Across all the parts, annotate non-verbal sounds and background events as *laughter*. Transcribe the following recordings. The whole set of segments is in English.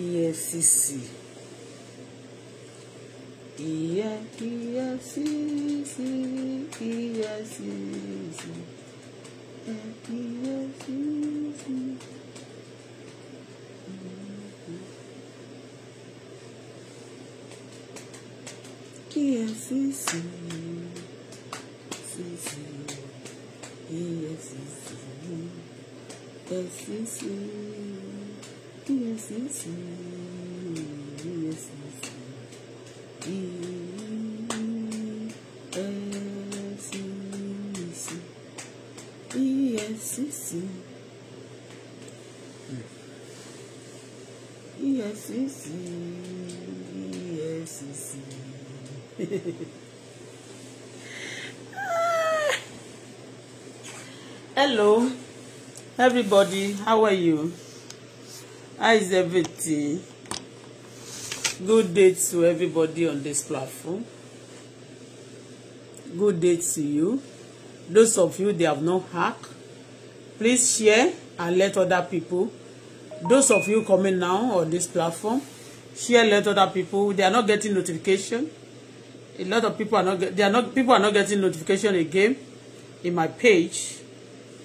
e IFCC, e IFCC. Que é assim, sim, e assim, e é assim, EFCC EFCC EFCC EFCC EFCC EFCC. Hello, everybody. How are you? How is everything? Good day to everybody on this platform. Good day to you. Those of you that have no hack, please share and let other people. Those of you coming now on this platform, share let other people. They are not getting notification. A lot of people are not they are not people are not getting notification again in my page.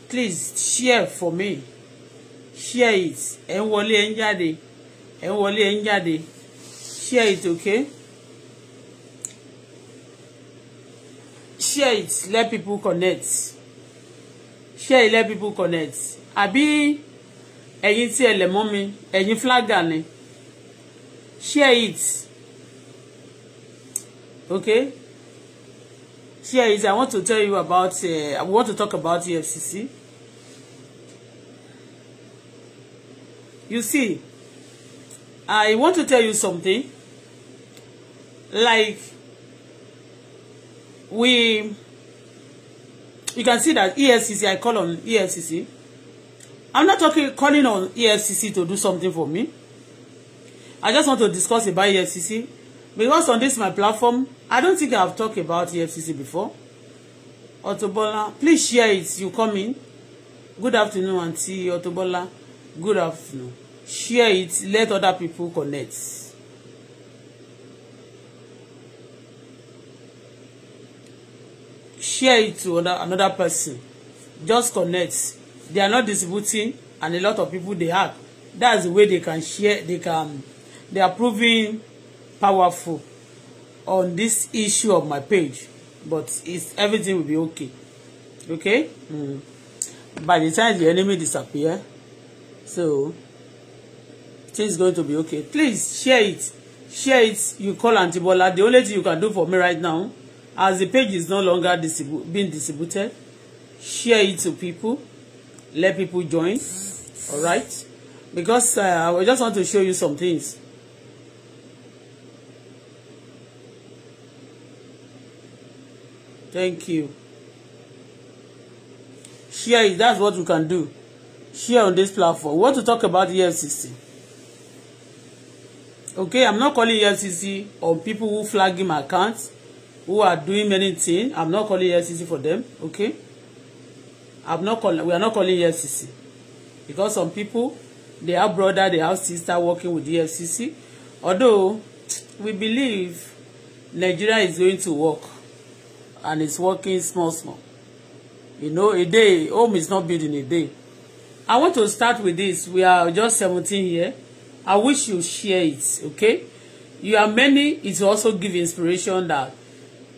Please share for me share it ẹ ń wọlé ẹ ń jáde ẹ ń wọlé ẹ ń jáde share it okay share it let people connect share it let people connect àbí ẹ̀yin tí ẹ lẹ̀ mọ́ mi ẹ̀yin flagger ni share it okay share it I want to tell you about uh, I want to talk about EFCC. you see I want to tell you something like we you can see that EFCC I call on EFCC I'm not talking calling on EFCC to do something for me I just want to discuss about EFCC because on this my platform I don't think I've talked about EFCC before Otobola, please share it you come in good afternoon auntie Auto Bola good afternoon share it let other people connect. share it to other, another person just connect they are not distributing and a lot of people they have that's the way they can share they can they are proving powerful on this issue of my page but it's everything will be okay okay mm. by the time the enemy disappear so things going to be okay please share it share it you call Aunty Bola the only thing you can do for me right now as the page is no longer distribu being distributed share it to people let people join all right because uh, I just want to show you some things thank you share it that's what we can do share on this platform. We want to talk about the F.C.C. Okay, I'm not calling F.C.C. E on people who flagging my accounts, who are doing many things. I'm not calling F.C.C. E for them. Okay, I'm not calling. We are not calling F.C.C. E because some people they have brother, they have sister working with the F.C.C. Although we believe Nigeria is going to work and it's working small small. You know, a day home is not built in a day. I want to start with this. We are just 17 here. I wish you share it, okay? You are many, it will also give inspiration that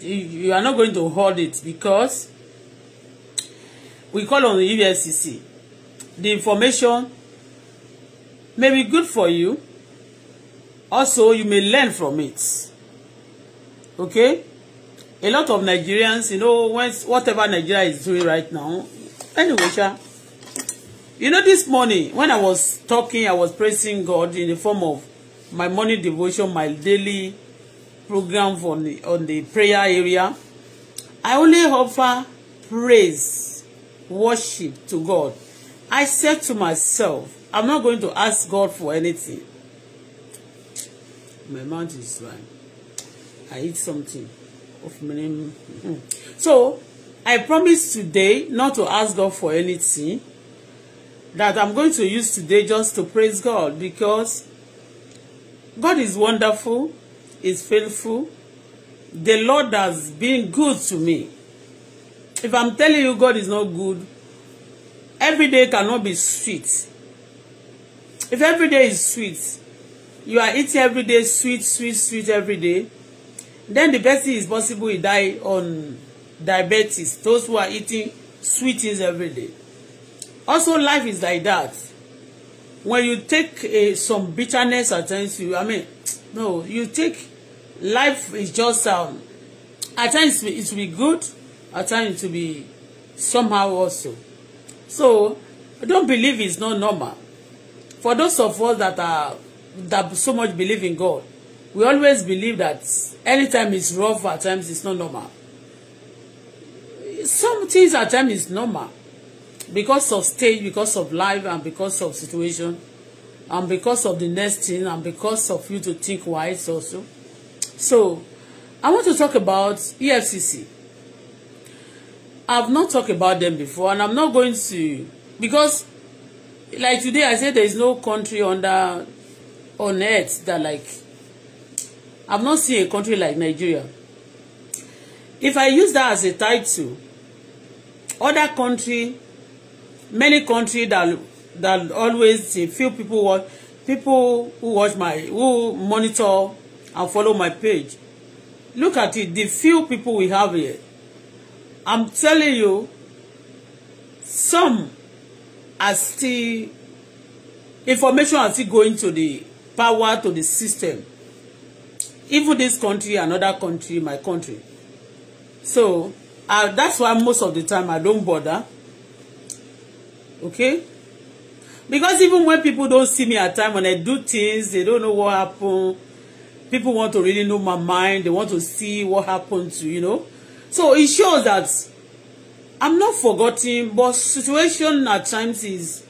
you are not going to hold it because we call on the EFCC. The information may be good for you. Also, you may learn from it. Okay? A lot of Nigerians, you know, whatever Nigeria is doing right now, anyway, sure. You know, this morning, when I was talking, I was praising God in the form of my morning devotion, my daily program on the, on the prayer area. I only offer praise, worship to God. I said to myself, I'm not going to ask God for anything. My mouth is dry. I eat something. Of name. Hmm. So, I promise today not to ask God for anything that I'm going to use today just to praise God because God is wonderful, is faithful. The Lord has been good to me. If I'm telling you God is not good, every day cannot be sweet. If every day is sweet, you are eating every day sweet, sweet, sweet every day, then the best thing is possible you die on diabetes, those who are eating sweet things every day also life is like that when you take uh, some bitterness at times you i mean no you take life is just um, at times it be good at times it will be somehow also so i don't believe it's not normal for those of us that are that so much believe in god we always believe that anytime it's rough at times it's not normal some things at times is normal because of stage because of life and because of situation and because of the next thing and because of you to think wise also so I want to talk about EFCC I've not talked about them before and I'm not going to because like today I said there is no country under on earth that like I've not seen a country like Nigeria if I use that as a title other country many countries that that always few people watch people who watch my who monitor and follow my page look at it the few people we have here I'm telling you some are still information are still going to the power to the system even this country another country my country so uh, that's why most of the time I don't bother okay because even when people don't see me at time when I do things they don't know what happened. people want to really know my mind they want to see what happened to you know so it shows that I'm not forgotten but situation at times is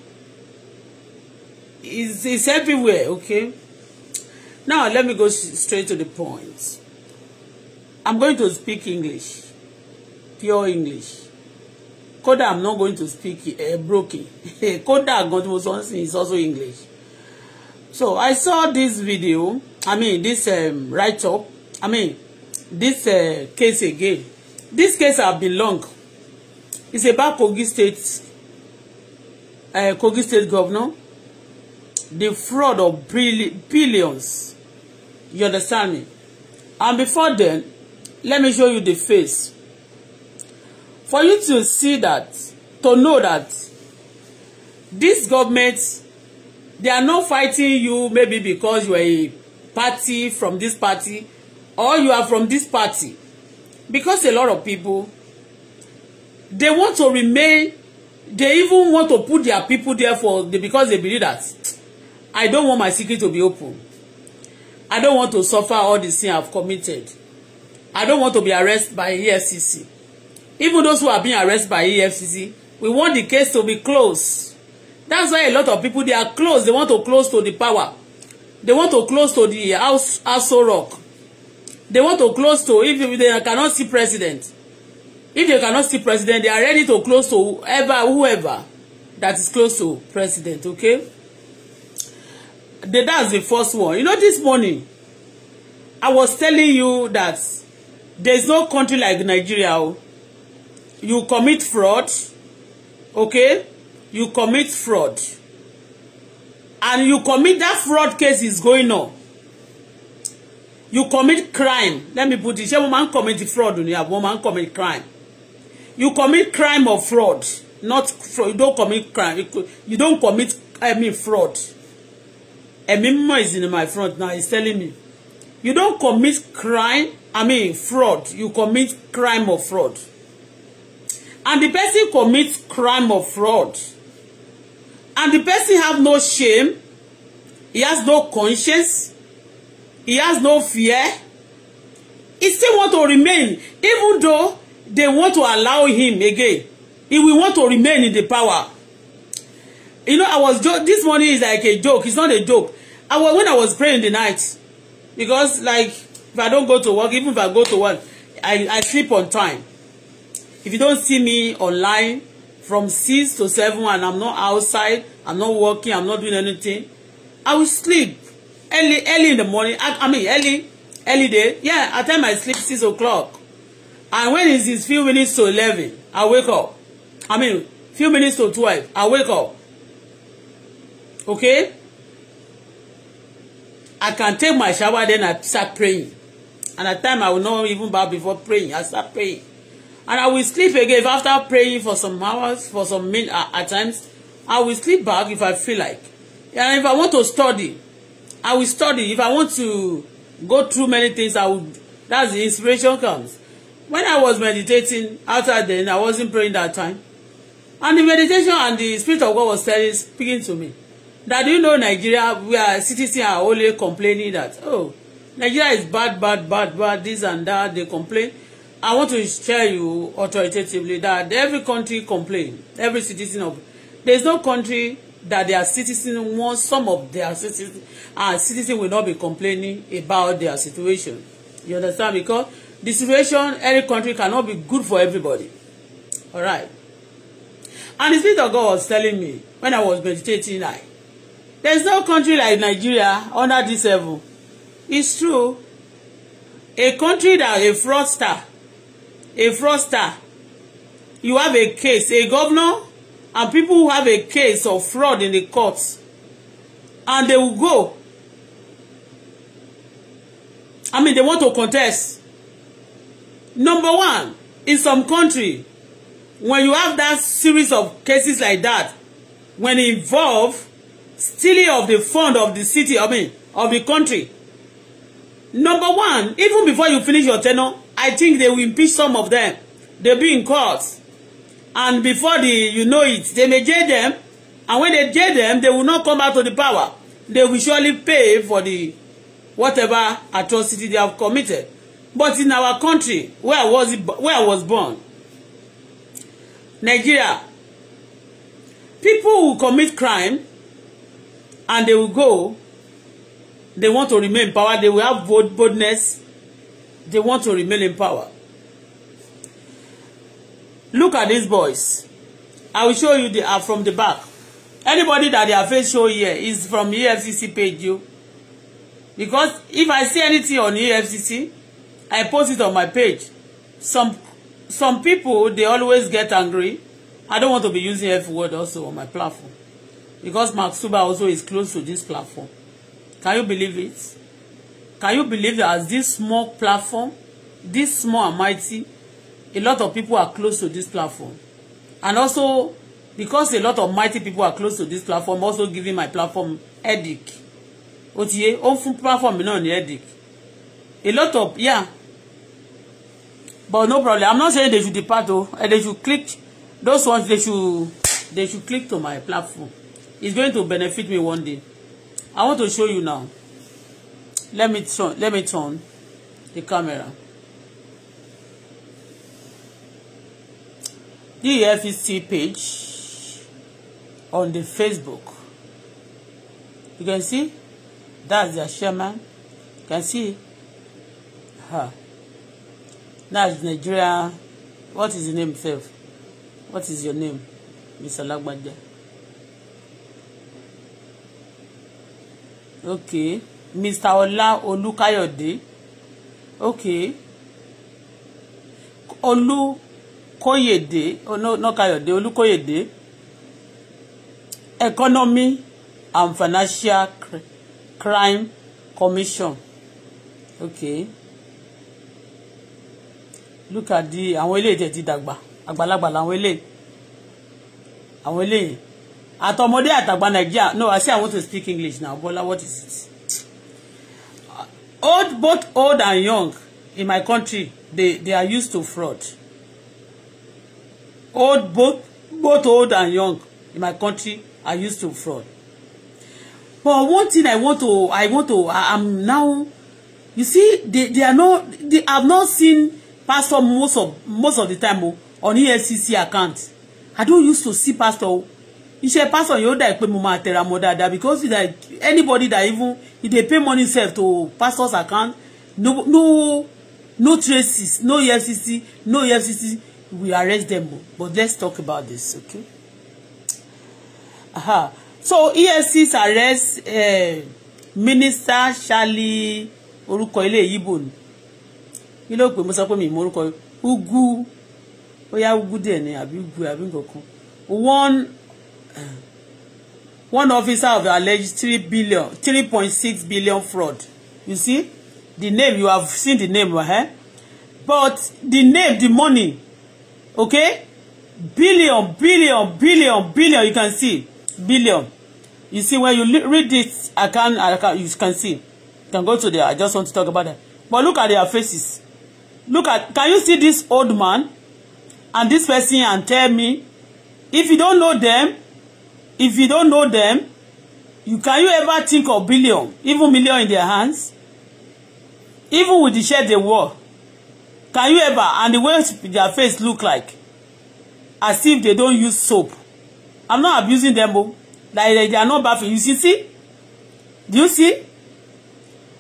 is is everywhere okay now let me go straight to the point I'm going to speak English pure English kódà i'm not going to speak uh, broken *laughs* kódà gan tí mo sọ ń is also english so i saw this video i mean this um, write up i mean this uh, case again this case have been long it's about kogi state uh, kogi state governor the fraud of billions you understand me and before then let me show you the face for you to see that to know that this government they are not fighting you maybe because you are a party from this party or you are from this party because a lot of people they want to remain they even want to put their people there for because they believe that I don't want my secret to be open I don't want to suffer all the sin I've committed I don't want to be arrested by EFCC even those who are being arrested by EFCC we want the case to be closed that's why a lot of people they are close they want to close to the power they want to close to the house Aso Rock they want to close to if they cannot see president if they cannot see president they are ready to close to whoever whoever that is close to president okay the, that's the first one you know this morning I was telling you that there's no country like Nigeria oh you commit fraud okay you commit fraud and you commit that fraud case is going on you commit crime let me put it ṣé woman commit the fraud ni àbí wọ́n máa commit crime you commit crime of fraud not fraud you don't commit crime you don't commit i mean fraud ẹ̀mí mímọ́ is in my front now he's telling me you don't commit crime i mean fraud you commit crime of fraud and the person commits crime of fraud and the person have no shame he has no conscience he has no fear he still want to remain even though they want to allow him again he will want to remain in the power you know I was joke this morning is like a joke it's not a joke I was when I was praying the night because like if I don't go to work even if I go to work I I sleep on time if you don't see me online from six to seven and I'm not outside I'm not working I'm not doing anything I will sleep early early in the morning I, I mean early early day yeah at time I sleep six o'clock and when it's is few minutes to eleven I wake up I mean few minutes to twelve I wake up okay I can take my shower then I start praying and at time I will not even bow before praying I start praying and I will sleep again after praying for some hours, for some minutes uh, at times. I will sleep back if I feel like. And if I want to study, I will study. If I want to go through many things, I would. That's the inspiration comes. When I was meditating after then, I wasn't praying that time. And the meditation and the Spirit of God was telling, speaking to me. That you know Nigeria, we are citizens are only complaining that, oh, Nigeria is bad, bad, bad, bad, this and that. They complain. I want to tell you authoritatively that every country complain, every citizen of there is no country that their citizen wants some of their citizen and uh, citizen will not be complaining about their situation. You understand? Because the situation any country cannot be good for everybody. All right. And the Spirit of God was telling me when I was meditating, I there's no country like Nigeria under this level. It's true. A country that a fraudster a fraudster you have a case a governor and people who have a case of fraud in the court and they will go I mean they want to contest number one in some country when you have that series of cases like that when it involve stealing of the fund of the city I mean of the country number one even before you finish your tenure I think they will impeach some of them. They'll be in court. And before the, you know it, they may jail them. And when they jail them, they will not come back to the power. They will surely pay for the whatever atrocity they have committed. But in our country, where was it? where I was born, Nigeria, people who commit crime and they will go, they want to remain in power, they will have bold, boldness, They want to remain in power. Look at these boys. I will show you they are from the back. Anybody that their face show here is from EFCC page you. Because if I see anything on EFCC, I post it on my page. Some some people, they always get angry. I don't want to be using F word also on my platform. Because Mark Suba also is close to this platform. Can you believe it? Can you believe that as this small platform, this small and mighty, a lot of people are close to this platform. And also, because a lot of mighty people are close to this platform, also giving my platform headache. Ó ti yé, ó platform mi náà ní headache. A lot of, yeah. But no problem. I'm not saying they should depart Oh, They should click. Those ones, they should, they should click to my platform. It's going to benefit me one day. I want to show you now let me turn let me turn the camera the FEC page on the Facebook you can see that's their chairman you can see her that's Nigeria what is the name self? what is your name Mr. Lagbaja okay. Mr. Ọlá Olúkáyọ̀dé okay Olúkóyèdé oh, no, no Káyọ̀dé Olúkóyèdé Economy and Financial Crime Commission okay look at the àwọn eléyìí tẹ̀ ti dàgbà àgbàlagbà làwọn eléyìí àwọn eléyìí àtọmọdé àtàgbà Nàìjíríà no I say I want to speak English now Bola what is it old both old and young in my country they they are used to fraud old both both old and young in my country are used to fraud but one thing i want to i want to i am now you see they they are not they have not seen pastor most of most of the time o oh, on EFCC account i don used to see pastor o oh, iṣẹ́ pastor yóò dà pé mo máa tẹra mọ́ dáadáa because that anybody that even if they pay money sef to pastor's account no no no traces no EFCC no EFCC we arrest them but let's talk about this okay aha so EFCC arrest uh, minister Charlie orúkọ ilé yìbò ni kí ló pè mo sọ pé mi ìmọ̀ orúkọ ugu ó yá ugu dẹ̀ ni àbí ugu àbí nǹkan kan one *clears throat* one officer of alleged three billion three point six billion fraud you see the name you have seen the name eh? but the name the money okay billion billion billion billion you can see billion you see when you read this account account you can see you can go to there I just want to talk about that but look at their faces look at can you see this old man and this person and tell me if you don't know them if you don't know them you can you ever think of billion even million in their hands even with the shirt they wore can you ever and the way their face look like as if they don't use soap i'm not abusing them o oh. like they are not bad for you see see do you see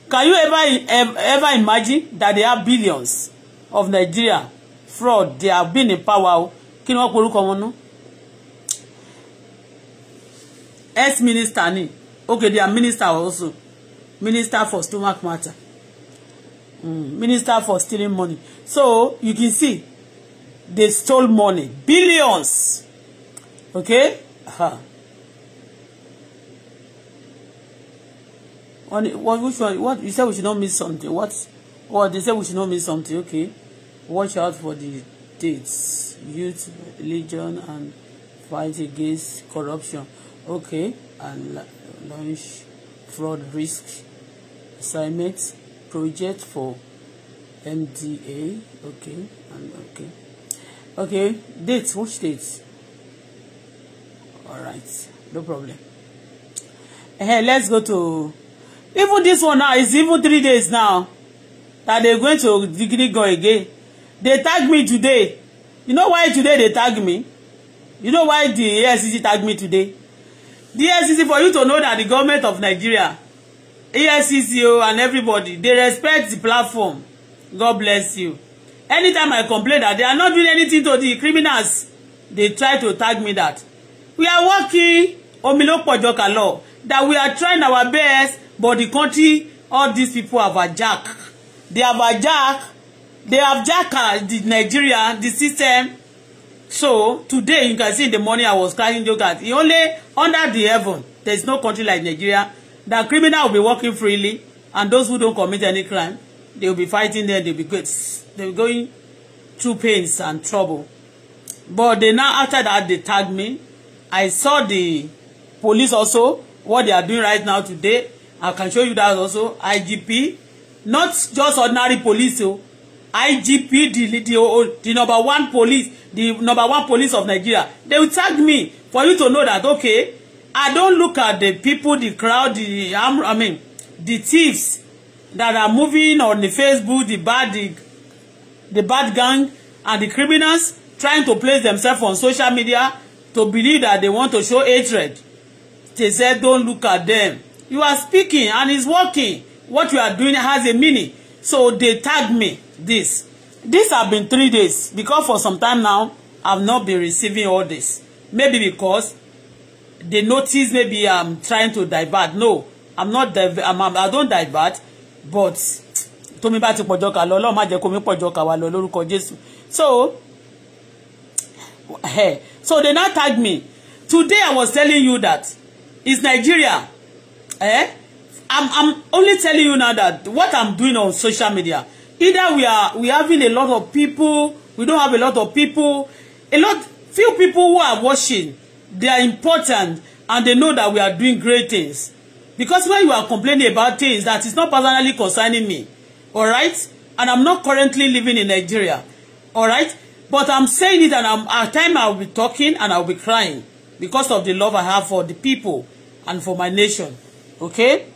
can you ever ever imagine that they have billions of Nigeria fraud they have been in power oh. kí ni wọ́n porúkọ wọn náà. ex minister ni okay they are minister also minister for stomach matter mm, minister for stealing money so you can see they stole money billions okay uh-huh. on what which one what you said we should not miss something what oh they said we should not miss something okay watch out for the dates youth religion and fight against corruption okay and launch fraud risk assignment project for MDA okay and okay okay date which date all right no problem hey let's go to even this one now is even three days now that they're going to degree go again they tag me today you know why today they tag me you know why the EFCC tag me today DSCC e for you to know that the government of Nigeria, EFCC e and everybody, they respect the platform. God bless you. Anytime I complain that they are not doing anything to the criminals, they try to tag me that. We are working, on Omilopojoka law, that we are trying our best, but the country, all these people have a jack. They have a jack. They have jacked the Nigeria, the system, So today you can see in the morning I was carrying yogurt. It only under the heaven, there is no country like Nigeria that criminal will be walking freely and those who don't commit any crime, they will be fighting there, they'll be good. They'll be going through pains and trouble. But they now after that they tagged me. I saw the police also, what they are doing right now today. I can show you that also. IGP, not just ordinary police, oh, IGP, the, the, oh, the, number one police, the number one police of Nigeria. They will tag me for you to know that, okay, I don't look at the people, the crowd, the, I mean, the thieves that are moving on the Facebook, the bad, the, the bad gang, and the criminals trying to place themselves on social media to believe that they want to show hatred. They said, don't look at them. You are speaking and it's working. What you are doing has a meaning so they tagged me this this have been three days because for some time now I've not been receiving all this maybe because they notice maybe I'm trying to divert no I'm not div I'm, I'm, I don't divert but tómi bá ti pọ̀jọ́ kà lọ Ọlọ́run má jẹ́ kómi pọ̀jọ́ kà wá lọ so hey, eh, so they now tag me today I was telling you that it's Nigeria eh I'm, I'm only telling you now that what I'm doing on social media, either we are we having a lot of people, we don't have a lot of people, a lot few people who are watching, they are important and they know that we are doing great things. Because when you are complaining about things that is not personally concerning me, all right? And I'm not currently living in Nigeria, all right? But I'm saying it and I'm, at time I'll be talking and I'll be crying because of the love I have for the people and for my nation, okay?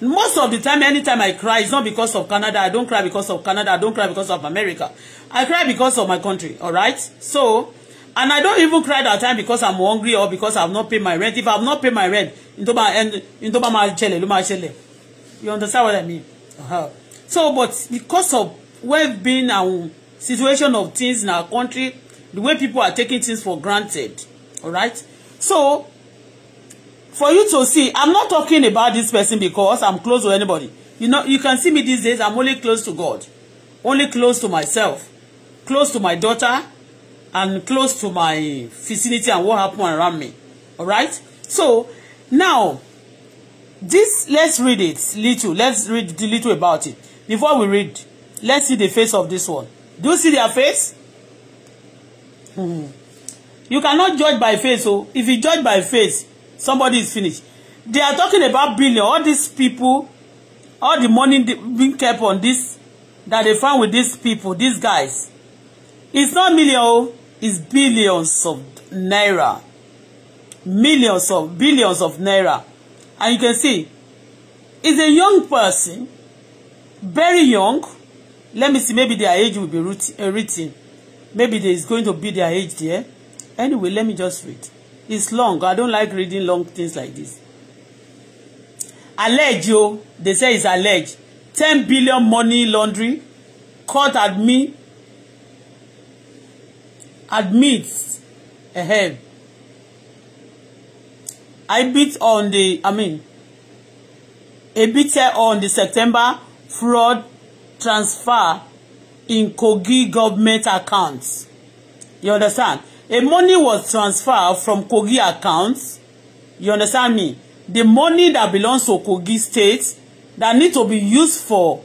most of the time anytime i cry it's not because of canada i don't cry because of canada i don't cry because of america i cry because of my country all right so and i don't even cry that time because i'm hungry or because i've not paid my rent if i've not paid my rent into my ṣẹlẹ̀ ló my ṣẹlẹ̀ you understand what i mean uh-huh. so but because of where we've been and situation of things in our country the way people are taking things for granted all right so for you to see i'm not talking about this person because i'm close to anybody you know you can see me these days i'm only close to god only close to myself close to my daughter and close to my vicinity and what happened around me all right so now this let's read it little let's read the little about it before we read let's see the face of this one do you see their face hmm you cannot judge by face oh. if you judge by face Somebody is finished. They are talking about billion. All these people, all the money being kept on this, that they found with these people, these guys. It's not million, oh. it's billions of naira. Millions of, billions of naira. And you can see, it's a young person, very young. Let me see, maybe their age will be uh, written. Maybe there is going to be their age there. Anyway, let me just read it's long i don't like reading long things like this allege o they say it's allege ten billion money laundering court admit admits ahead i bit on the i mean a bit on the september fraud transfer in Kogi government accounts you understand a money was transferred from Kogi accounts. You understand me? The money that belongs to Kogi state that need to be used for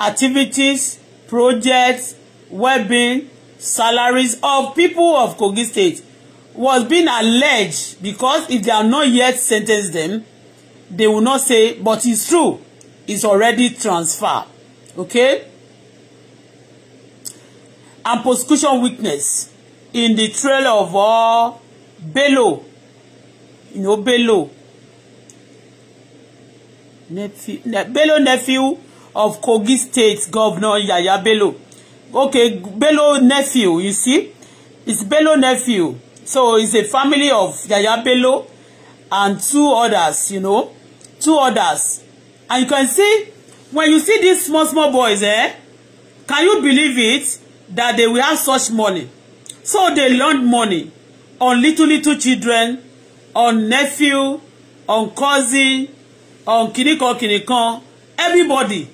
activities, projects, webbing, salaries of people of Kogi state was being alleged because if they are not yet sentenced them, they will not say, but it's true, it's already transferred. Okay? And prosecution witness in the trail of all Bello, you know Bello, nephew, ne, Bello nephew of Kogi State Governor Yaya Bello. Okay, Bello nephew, you see, it's Bello nephew. So it's a family of Yaya Bello and two others, you know, two others. And you can see, when you see these small, small boys, eh, can you believe it, that they will have such money? So they loan money on little little children, on nephew, on cousin, on kiniko kiniko. Everybody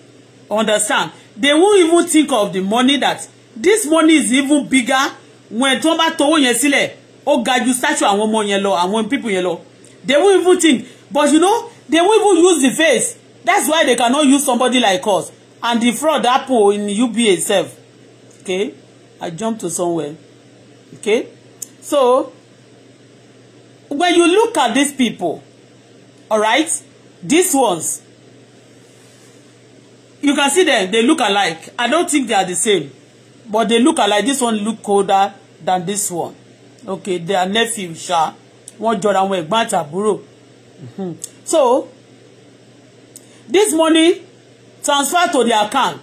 understand. They won't even think of the money that this money is even bigger when tí wọ́n bá tọwọ́ yẹn sílẹ̀ ó ga ju statue àwọn ọmọ yẹn people yellow. They won't even think but you know they won't even use the face that's why they cannot use somebody like us and the fraud happen in UBA itself. Okay, I jumped to somewhere. Okay? So, when you look at these people, all right, these ones, you can see them, they look alike. I don't think they are the same. But they look alike. This one look colder than this one. Okay, their nephew, Sha. One Jordan, one ẹ̀gbọ́n àtàbúrò. Hmm. So, this money transfer to the account.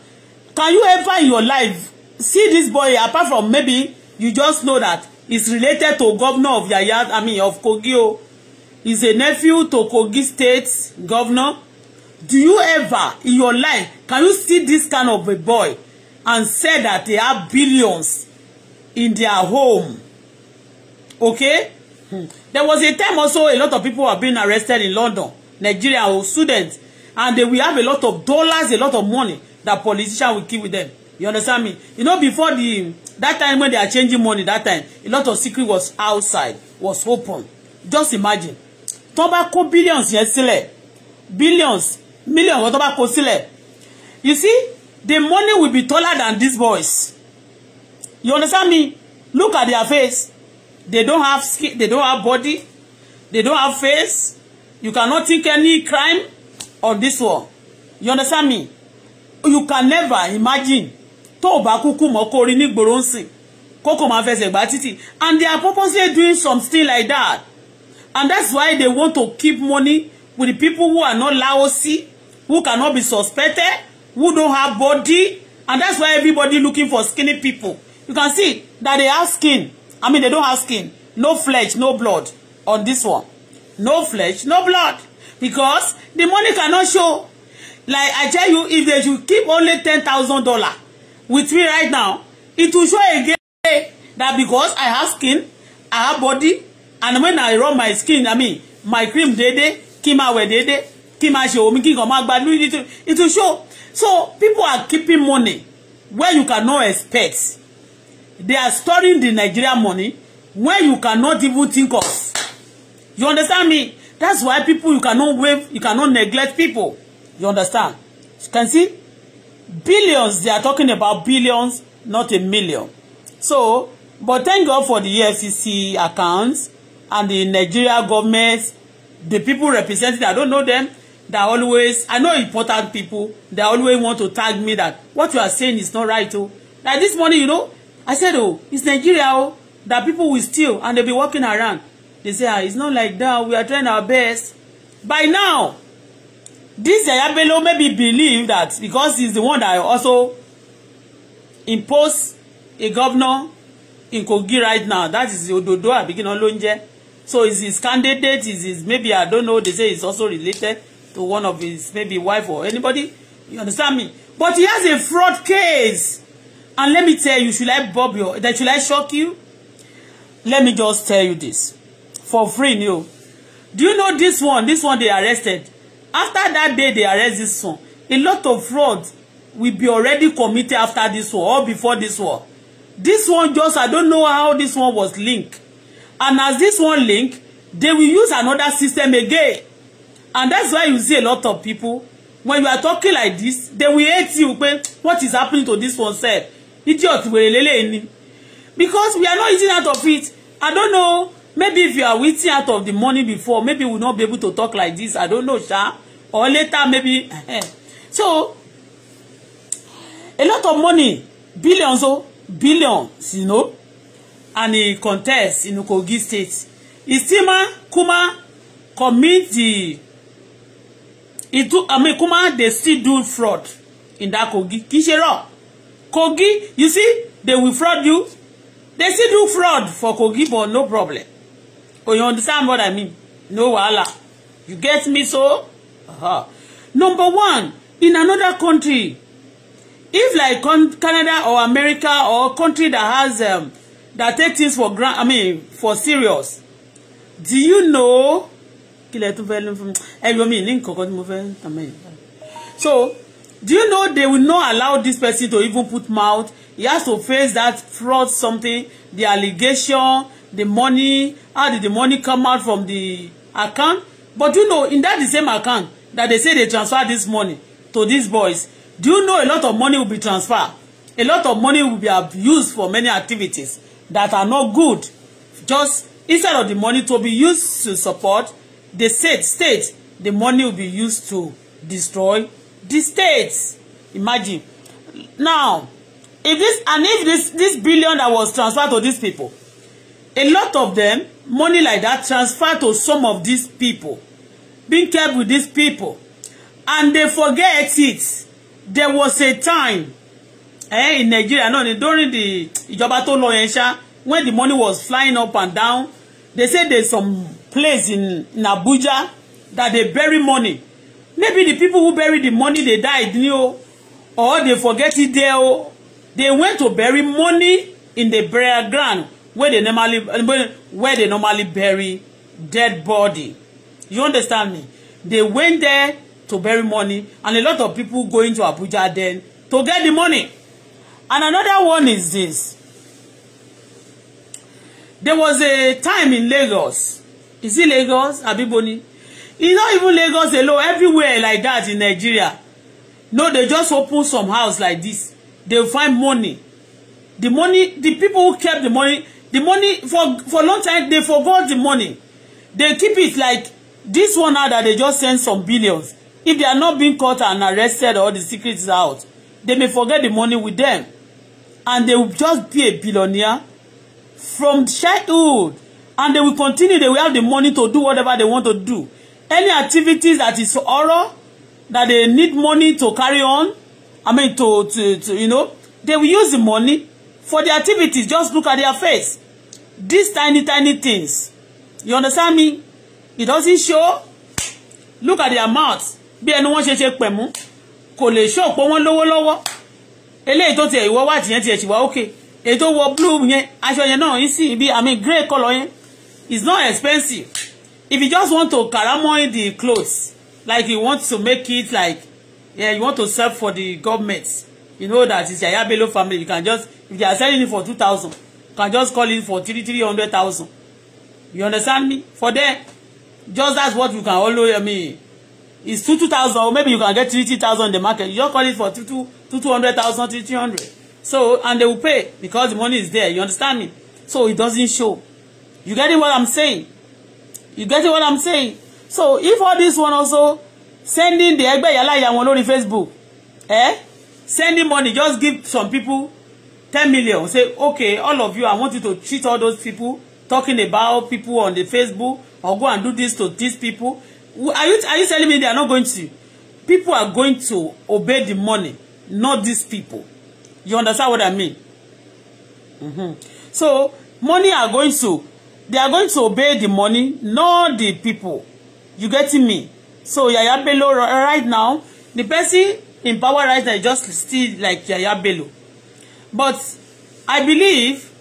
Can you ever in your life see this boy apart from maybe you just know that it's related to governor of Yaya, I mean of Kogi o. Oh. He's a nephew to Kogi State governor. Do you ever in your life can you see this kind of a boy and say that they have billions in their home? Okay? Hmm. There was a time also a lot of people were being arrested in London, Nigeria, or oh, students, and they will have a lot of dollars, a lot of money that politicians will keep with them. You understand me? You know, before the that time when they are changing money, that time a lot of secret was outside, was open. Just imagine. tobacco billions yesterday, billions, millions of tobacco bá You see, the money will be taller than these boys. You understand me? Look at their face. They don't have skin, they don't have body, they don't have face. You cannot think any crime on this one. You understand me? You can never imagine tó ò bá kúkú mọ́ kó rí nígboro ń sìn kókò máa fẹsẹ̀ gbá títì and they are purposely doing something like that and that's why they want to keep money with the people who are not lousy who cannot be suspected who don't have body and that's why everybody looking for skinny people you can see that they have skin I mean they don't have skin no flesh no blood on this one no flesh no blood because the money cannot show like I tell you if they should keep only ten thousand dollar with me right now, it will show again that because I have skin, I have body, and when I rub my skin, I mean, my cream dédé, kí n máa wẹ̀ dédé, kí n máa ṣe omi, kí n kàn gba lórí, it will show. So people are keeping money where you cannot expect. They are storing the Nigeria money where you cannot even think of. You understand me? That's why people, you cannot wave, you cannot neglect people. You understand? You can see? billions they are talking about billions not a million so but thank God for the EFCC accounts and the Nigeria government the people representing I don't know them they are always I know important people they always want to tag me that what you are saying is not right oh like this morning you know I said oh it's Nigeria oh that people will steal and they be walking around they say ah it's not like that we are trying our best by now this Yaya maybe believe that because he's the one that also imposed a governor in Kogi right now that is Ododo abigina ló ń jẹ́ so is his candidate is his maybe I don't know they say he's also related to one of his maybe wife or anybody you understand me but he has a fraud case and let me tell you should I bob your that should I shock you let me just tell you this for free ni do you know this one this one they arrested After that day they arrest this one, a lot of fraud will be already committed after this war or before this war. This one just, I don't know how this one was linked. And as this one link, they will use another system again. And that's why you see a lot of people, when you are talking like this, they will hate you. What is happening to this one self? Idiot, because we are not eating out of it. I don't know. Maybe if you are eating out of the money before, maybe we not be able to talk like this. I don't know, Sha or later maybe eh, so a lot of money billions oh billions you know and he contest in Kogi state Istima Kuma commit the he do I mean Kuma they still do fraud in that Kogi kì Kogi you see they will fraud you they still do fraud for Kogi but no problem oh you understand what I mean no wahala you get me so Uh-huh. Number one, in another country, if like Canada or America or country that has um, that take things for granted, I mean for serious, do you know? So, do you know they will not allow this person to even put mouth? He has to face that fraud something, the allegation, the money, how did the money come out from the account? But you know, in that the same account, that they say they transfer this money to these boys do you know a lot of money will be transferred a lot of money will be abused for many activities that are not good just instead of the money to be used to support the state state the money will be used to destroy the states. imagine now if this and if this this billion that was transferred to these people a lot of them money like that transferred to some of these people being kept with these people. And they forget it. There was a time eh, in Nigeria, no, during the ìjọba tó when the money was flying up and down, they said there's some place in, in Abuja that they bury money. Maybe the people who bury the money, they died, you know, or they forget it there. Oh, they went to bury money in the burial ground where they normally where they normally bury dead body. You understand me? They went there to bury money, and a lot of people going to Abuja then to get the money. And another one is this. There was a time in Lagos. Is it Lagos? Abiboni? It's not even Lagos alone. Everywhere like that in Nigeria. No, they just open some house like this. They find money. The money, the people who kept the money, the money for for long time, they forgot the money. They keep it like This one now that they just send some billions, if they are not being caught and arrested or the secret is out, they may forget the money with them. And they will just be a billionaire from childhood. And they will continue, they will have the money to do whatever they want to do. Any activities that is oral, that they need money to carry on, I mean to, to, to you know, they will use the money for the activities. Just look at their face. These tiny, tiny things. You understand me? it doesn't show look at their mouth bí ẹnu wọn ṣe ṣe pẹ̀mú kò lè ṣó òpó wọn lówó lọ́wọ́ eléyìí tó tiẹ̀ ìwọ wá tìyẹn tiẹ̀ ṣì wá okay èyí tó wọ blue yẹn aṣọ yẹn náà yìí sì bí i mean grey colour yẹn it's not expensive if you just want to karamoy the clothes like you want to make it like yeah, you want to sell for the government you know that it's Yaya Bello family you can just if they are selling it for two thousand you can just call it for three three hundred thousand you understand me for there Just that's what you can always, I mean, it's two two thousand or maybe you can get three three thousand in the market. You don't call it for two two two two hundred thousand three three hundred. So and they will pay because the money is there. You understand me? So it doesn't show. You getting what I'm saying? You getting what I'm saying? So if all this one also sending the ẹgbẹ́ yàrá ìyá wọn lórí Facebook, eh? Sending money, just give some people ten million. Say okay, all of you, I want you to treat all those people talking about people on the Facebook or go and do this to these people. Are you are you telling me they are not going to? People are going to obey the money, not these people. You understand what I mean? Mm-hmm. So money are going to they are going to obey the money, not the people. You getting me? So Yaya Bello right now, the person in power right now just still like Yaya Bello. But I believe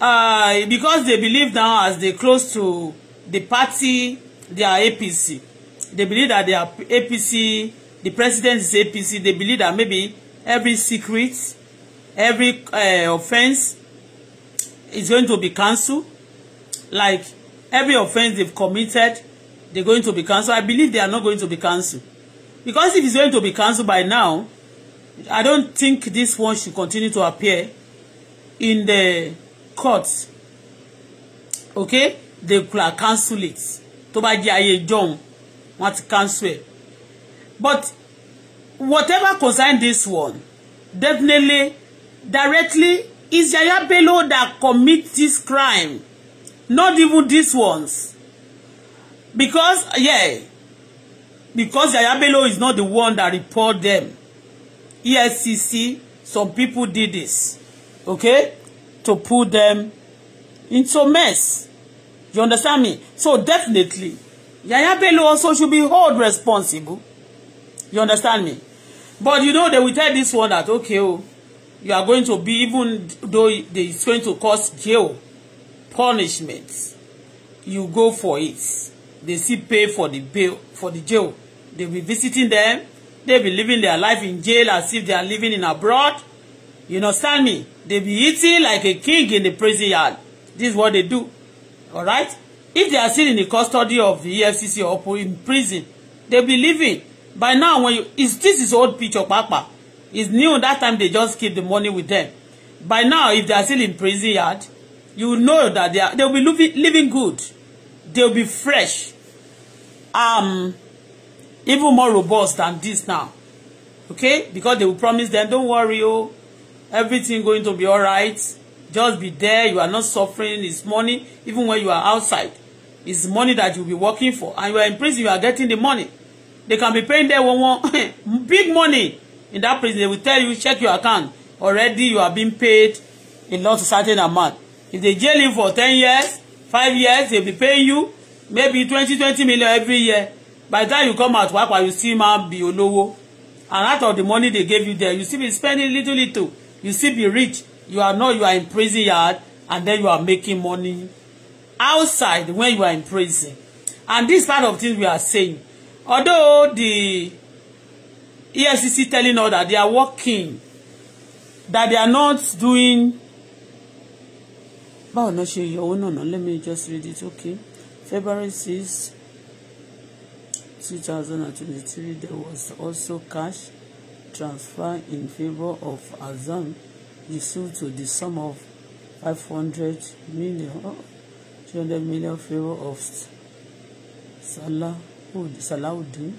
uh, because they believe now as they close to the party, their APC, they believe that their APC, the president is APC, they believe that maybe every secret, every uh, offense is going to be cancelled. Like every offense they've committed, they're going to be cancelled. I believe they are not going to be cancelled. Because if it's going to be cancelled by now, I don't think this one should continue to appear in the court okay they could have cancel it tó bá jẹ́ ayé john wọ́n ti cancel ẹ̀ but whatever concern this one definitely directly is Yaya Bello that commit this crime not even these ones because yeah because Yaya Bello is not the one that report them ESCC, some people did this okay to put them into mess. You understand me? So definitely, Yaya Bello also should be held responsible. You understand me? But you know, they will tell this one that, okay, oh, you are going to be, even though it's going to cause jail, punishment, you go for it. They see pay for the bail, for the jail. They'll be visiting them. They'll be living their life in jail as if they are living in abroad. You understand me? They be eating like a king in the prison yard. This is what they do. Alright? If they are still in the custody of the EFCC or in prison, they be living. By now, when you is this is old picture, Papa. It's new. That time they just keep the money with them. By now, if they are still in prison yard, you know that they are they'll be living, living good. They'll be fresh. Um, even more robust than this now. Okay? Because they will promise them, don't worry, oh, everything going to be all right just be there you are not suffering it's money even when you are outside it's money that you be working for and you are in prison you are getting the money they can be paying there one one *laughs* big money in that prison they will tell you check your account already you are being paid a lot certain amount if they jail you for ten years five years they'll be paying you maybe twenty twenty million every year by the time you come out wapa you see man be olówó and out of the money they gave you there you still be spending little little You still be rich. You are not, you are in prison yard and then you are making money outside when you are in prison. And this kind of thing we are saying. Although the ESCC telling us that they are working, that they are not doing Oh no, ṣe yọ owó náà let me just read it okay February 6 2023 there was also cash transfer in favor of Hassan Yusuf to the sum of five hundred million oh, three hundred million favor of Salahuddin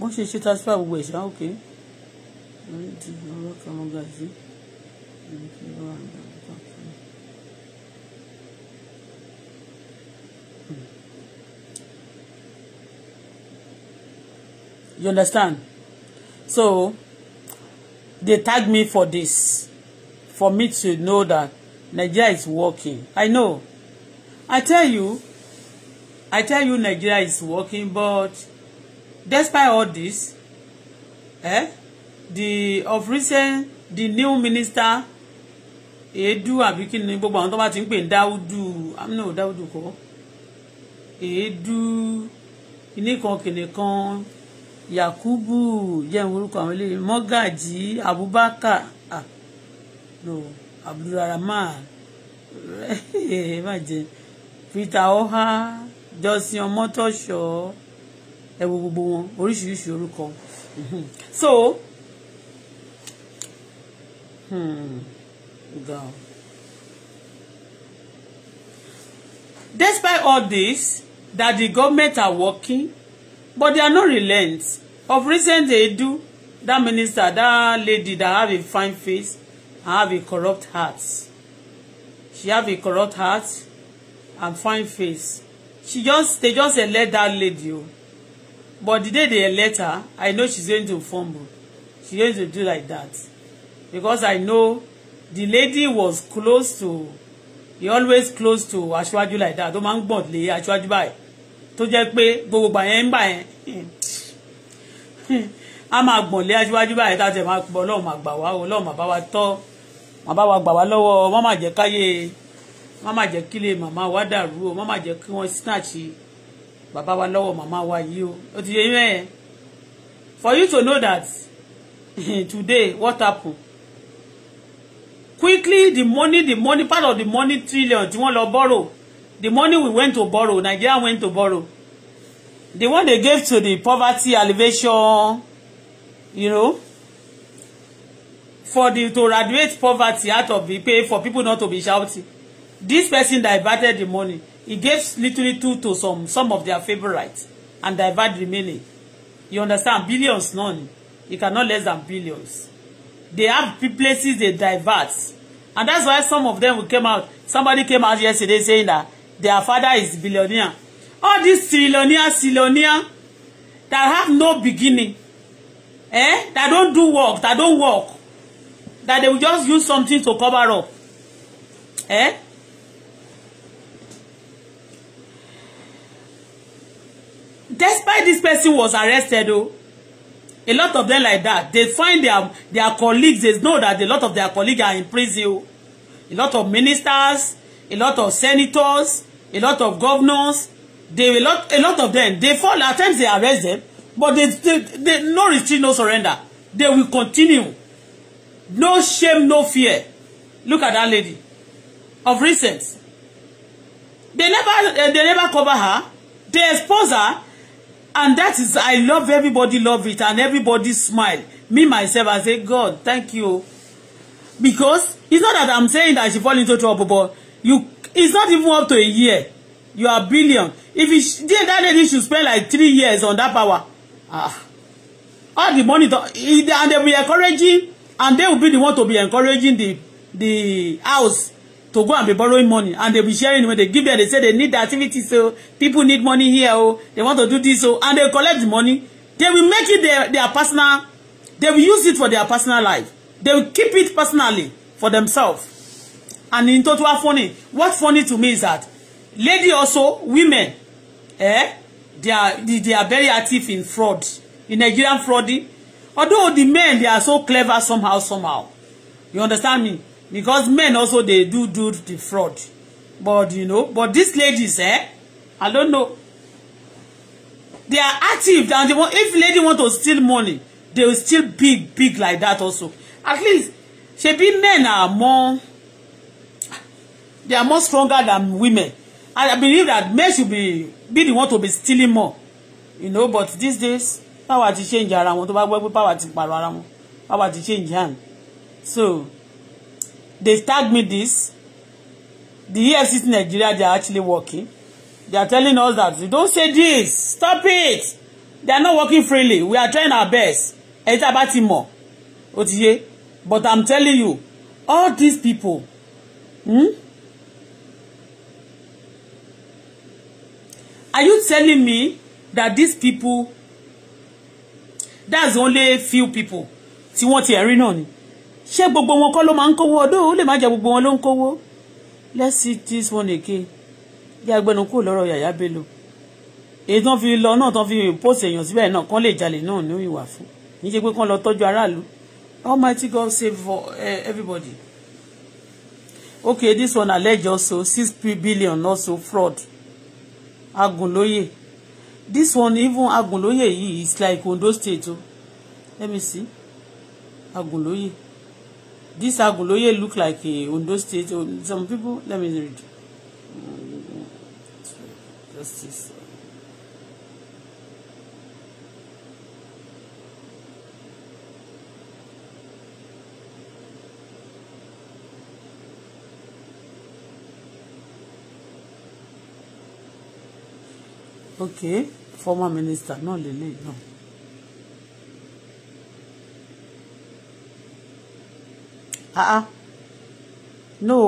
wọ́n ṣe ṣe transfer gbogbo ẹ̀ṣá òkè hmm. you understand so they tag me for this for me to know that Nigeria is working I know I tell you I tell you Nigeria is working but despite all this eh the of recent the new minister Edu àbí kí ni gbogbo àwọn tó bá ti ń pè ní dáúdú amínà dáúdú kọ èédú kìnìkan kìnìkan yakubu jẹ́ orúkọ àwọn eléyìí mọ́gàjì abubakar ah no abdulrahman ẹ *laughs* eh, má jẹ peter oha jọ́sìn ọmọtọ́ṣọ ẹ wo gbogbo wọn oríṣiríṣi orúkọ *laughs* so hmm, God. despite all this that the government are working but they are not relent of recent they do that minister that lady that have a fine face and have a corrupt heart she have a corrupt heart and fine face she just they just elect that lady o oh. but the day they elect her I know she's going to fumble she's going to do like that because I know the lady was close to he always close to aṣíwájú like that ó máa ń gbọ̀n lé tó jẹ́ pé gbogbo gbà yẹn ń bà yẹn a máa gbọ̀n lé aṣíwájú báyìí tá a ti máa gbọ́ ọlọ́run máa gbà wá ọlọ́run máa bá wa tọ́ máa bá wa gbà wá lọ́wọ́ má má jẹ́ káyé má má jẹ́ kílé màmá wa dàrú o má má jẹ́ kí wọ́n snatch bàbá wa lọ́wọ́ màmá wa yìí o ó ti yẹ yín mẹ́yẹn for you to know that *laughs* today what happen quickly the money the money part of the money trillion tí wọ́n lọ borrow The money we went to borrow, Nigeria went to borrow. The one they gave to the poverty alleviation, you know, for the to radiate poverty out of the pay for people not to be shouting. This person diverted the money. He gave literally two to some some of their favorites and divert remaining. You understand? Billions, none. You cannot less than billions. They have places they divert. And that's why some of them will come out. Somebody came out yesterday saying that Their father is billionaire. All these trillionaire, trillionaire that have no beginning, eh? That don't do work, that don't work, that they will just use something to cover up, eh? Despite this person was arrested, though, a lot of them like that, they find their their colleagues. They know that a lot of their colleagues are in prison. Oh. A lot of ministers a lot of senators, a lot of governors, they a lot a lot of them they fall at times they arrest them, but they they, they no retreat, no surrender. They will continue. No shame, no fear. Look at that lady of recent. They never eh, they never cover her. They expose her. And that is, I love everybody love it and everybody smile. Me, myself, I say, God, thank you. Because it's not that I'm saying that she fall into trouble, but You it's not even up to a year. You are billion. If you, that lady should spend like three years on that power. Ah. All the money to, and they'll be encouraging and they will be the one to be encouraging the the house to go and be borrowing money and they'll be sharing when they give them they say they need the activity so people need money here oh they want to do this so oh. and they collect the money they will make it their, their personal they will use it for their personal life they will keep it personally for themselves and in total funny what funny to me is that lady also women eh they are they, are very active in fraud in Nigerian frauding although the men they are so clever somehow somehow you understand me because men also they do do the fraud but you know but these ladies eh I don't know they are active and they want, if lady want to steal money they will steal big big like that also at least shebi men are more They are more stronger than women. And I believe that men should be, be the one to be stealing more. You know, but these days, power ti change ara wọn. Tó bá gbọ́ power ti pààrọ̀ ara wọn. Power ti change hand. So, they tag me this. The EFCC Nigeria, they are actually working. They are telling us that, you don't say this. Stop it. They are not working freely. We are trying our best. Ẹ tí a bá ti mọ̀. Ó ti yé. But I'm telling you, all these people, hmm? Are you telling me that these people, that's only few people, tí wọ́n ti ẹ̀rí náà ni? Ṣé gbogbo wọn kọ́ ló máa ń kówó ọdún? Ó lè má jẹ́ gbogbo wọn ló ń kówó. Let's see this one again. Jẹ́ agbẹnu kúrò lọ́rọ̀ Yàyà Bello. Èyí tán fi lọ náà tán fi post èèyàn síbẹ̀ náà kán lè jalè náà ní ìwà fún. Ní ṣe pé kán lọ tọ́jú aráàlú. Almighty God save for uh, everybody. Okay, this one allege also six billion also fraud. Agunloye this one even Agunloye yìí is like Ondo state o let me see Agunloye this Agunloye look like a eh, Ondo state some people let me read justice okay former minister náà lélẹ́yìn náà. ah ah no.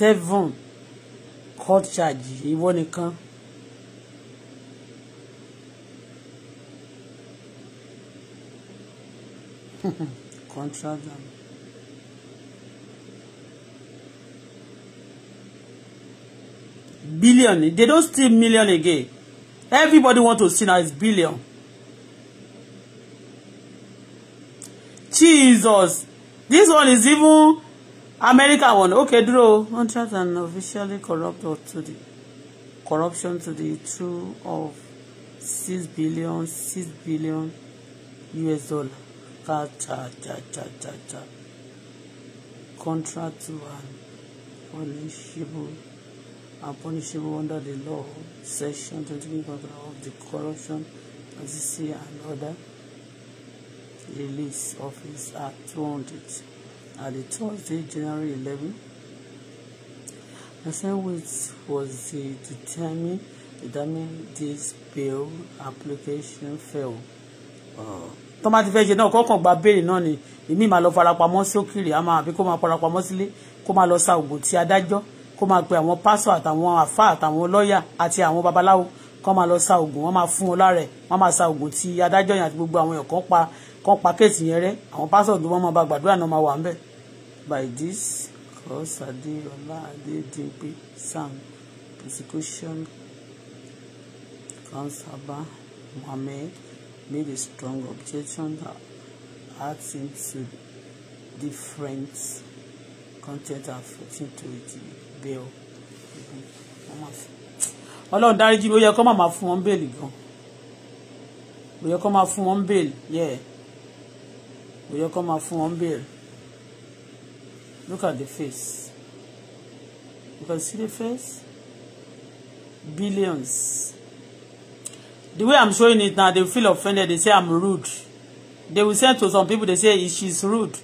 seven court charge ìwọ nìkan. *laughs* contract them. Billion. They don't steal million again. Everybody want to see now is billion. Jesus. This one is even America one okay draw contract and officially corrupt or to the corruption to the true of six billion six billion US dollar cha cha cha cha cha cha contract to and punishable and punishable under the law section twenty of the corruption as you see and other release of his act two hundred at the Thursday, January 11. the Mr. was the determined determine this bill application fail. Uh, tó máa ti fẹ́ ṣe náà kọ́kàn gba béèrè náà ni èmi máa lọ farapamọ́ sókèrè àmọ́ àbí kó máa farapamọ́ sílé kó máa lọ sa oògùn tí adájọ́ kó máa pe àwọn pásọ̀ àtàwọn àfà àtàwọn lọ́ọ̀yà àti àwọn babaláwo kó máa lọ sa oògùn wọ́n máa fún wọn lára ẹ̀ wọ́n máa sa oògùn tí adájọ́ yẹn àti gbogbo àwọn èèyàn kan pa kan pa kéèsì yẹn rẹ́ àwọn pásọ̀ tó wọ́n máa ba gbàdúrà náà máa wà ń bẹ́ẹ̀ by this cause Adeola Adedipe sang persecution Kansaba Mohammed made a strong objection that adds into different content affecting to it bail. Ọlọ́run dáríjì ó yẹ kó máa máa fún wọn bẹ́ẹ̀lì gan ó yẹ kó máa fún wọn bẹ́ẹ̀lì yẹ máa fún wọn bẹ́ẹ̀lì. Look at the face. You can see the face? Billions. The way I'm showing it now, they feel offended. They say I'm rude. They will say to some people, they say she's rude.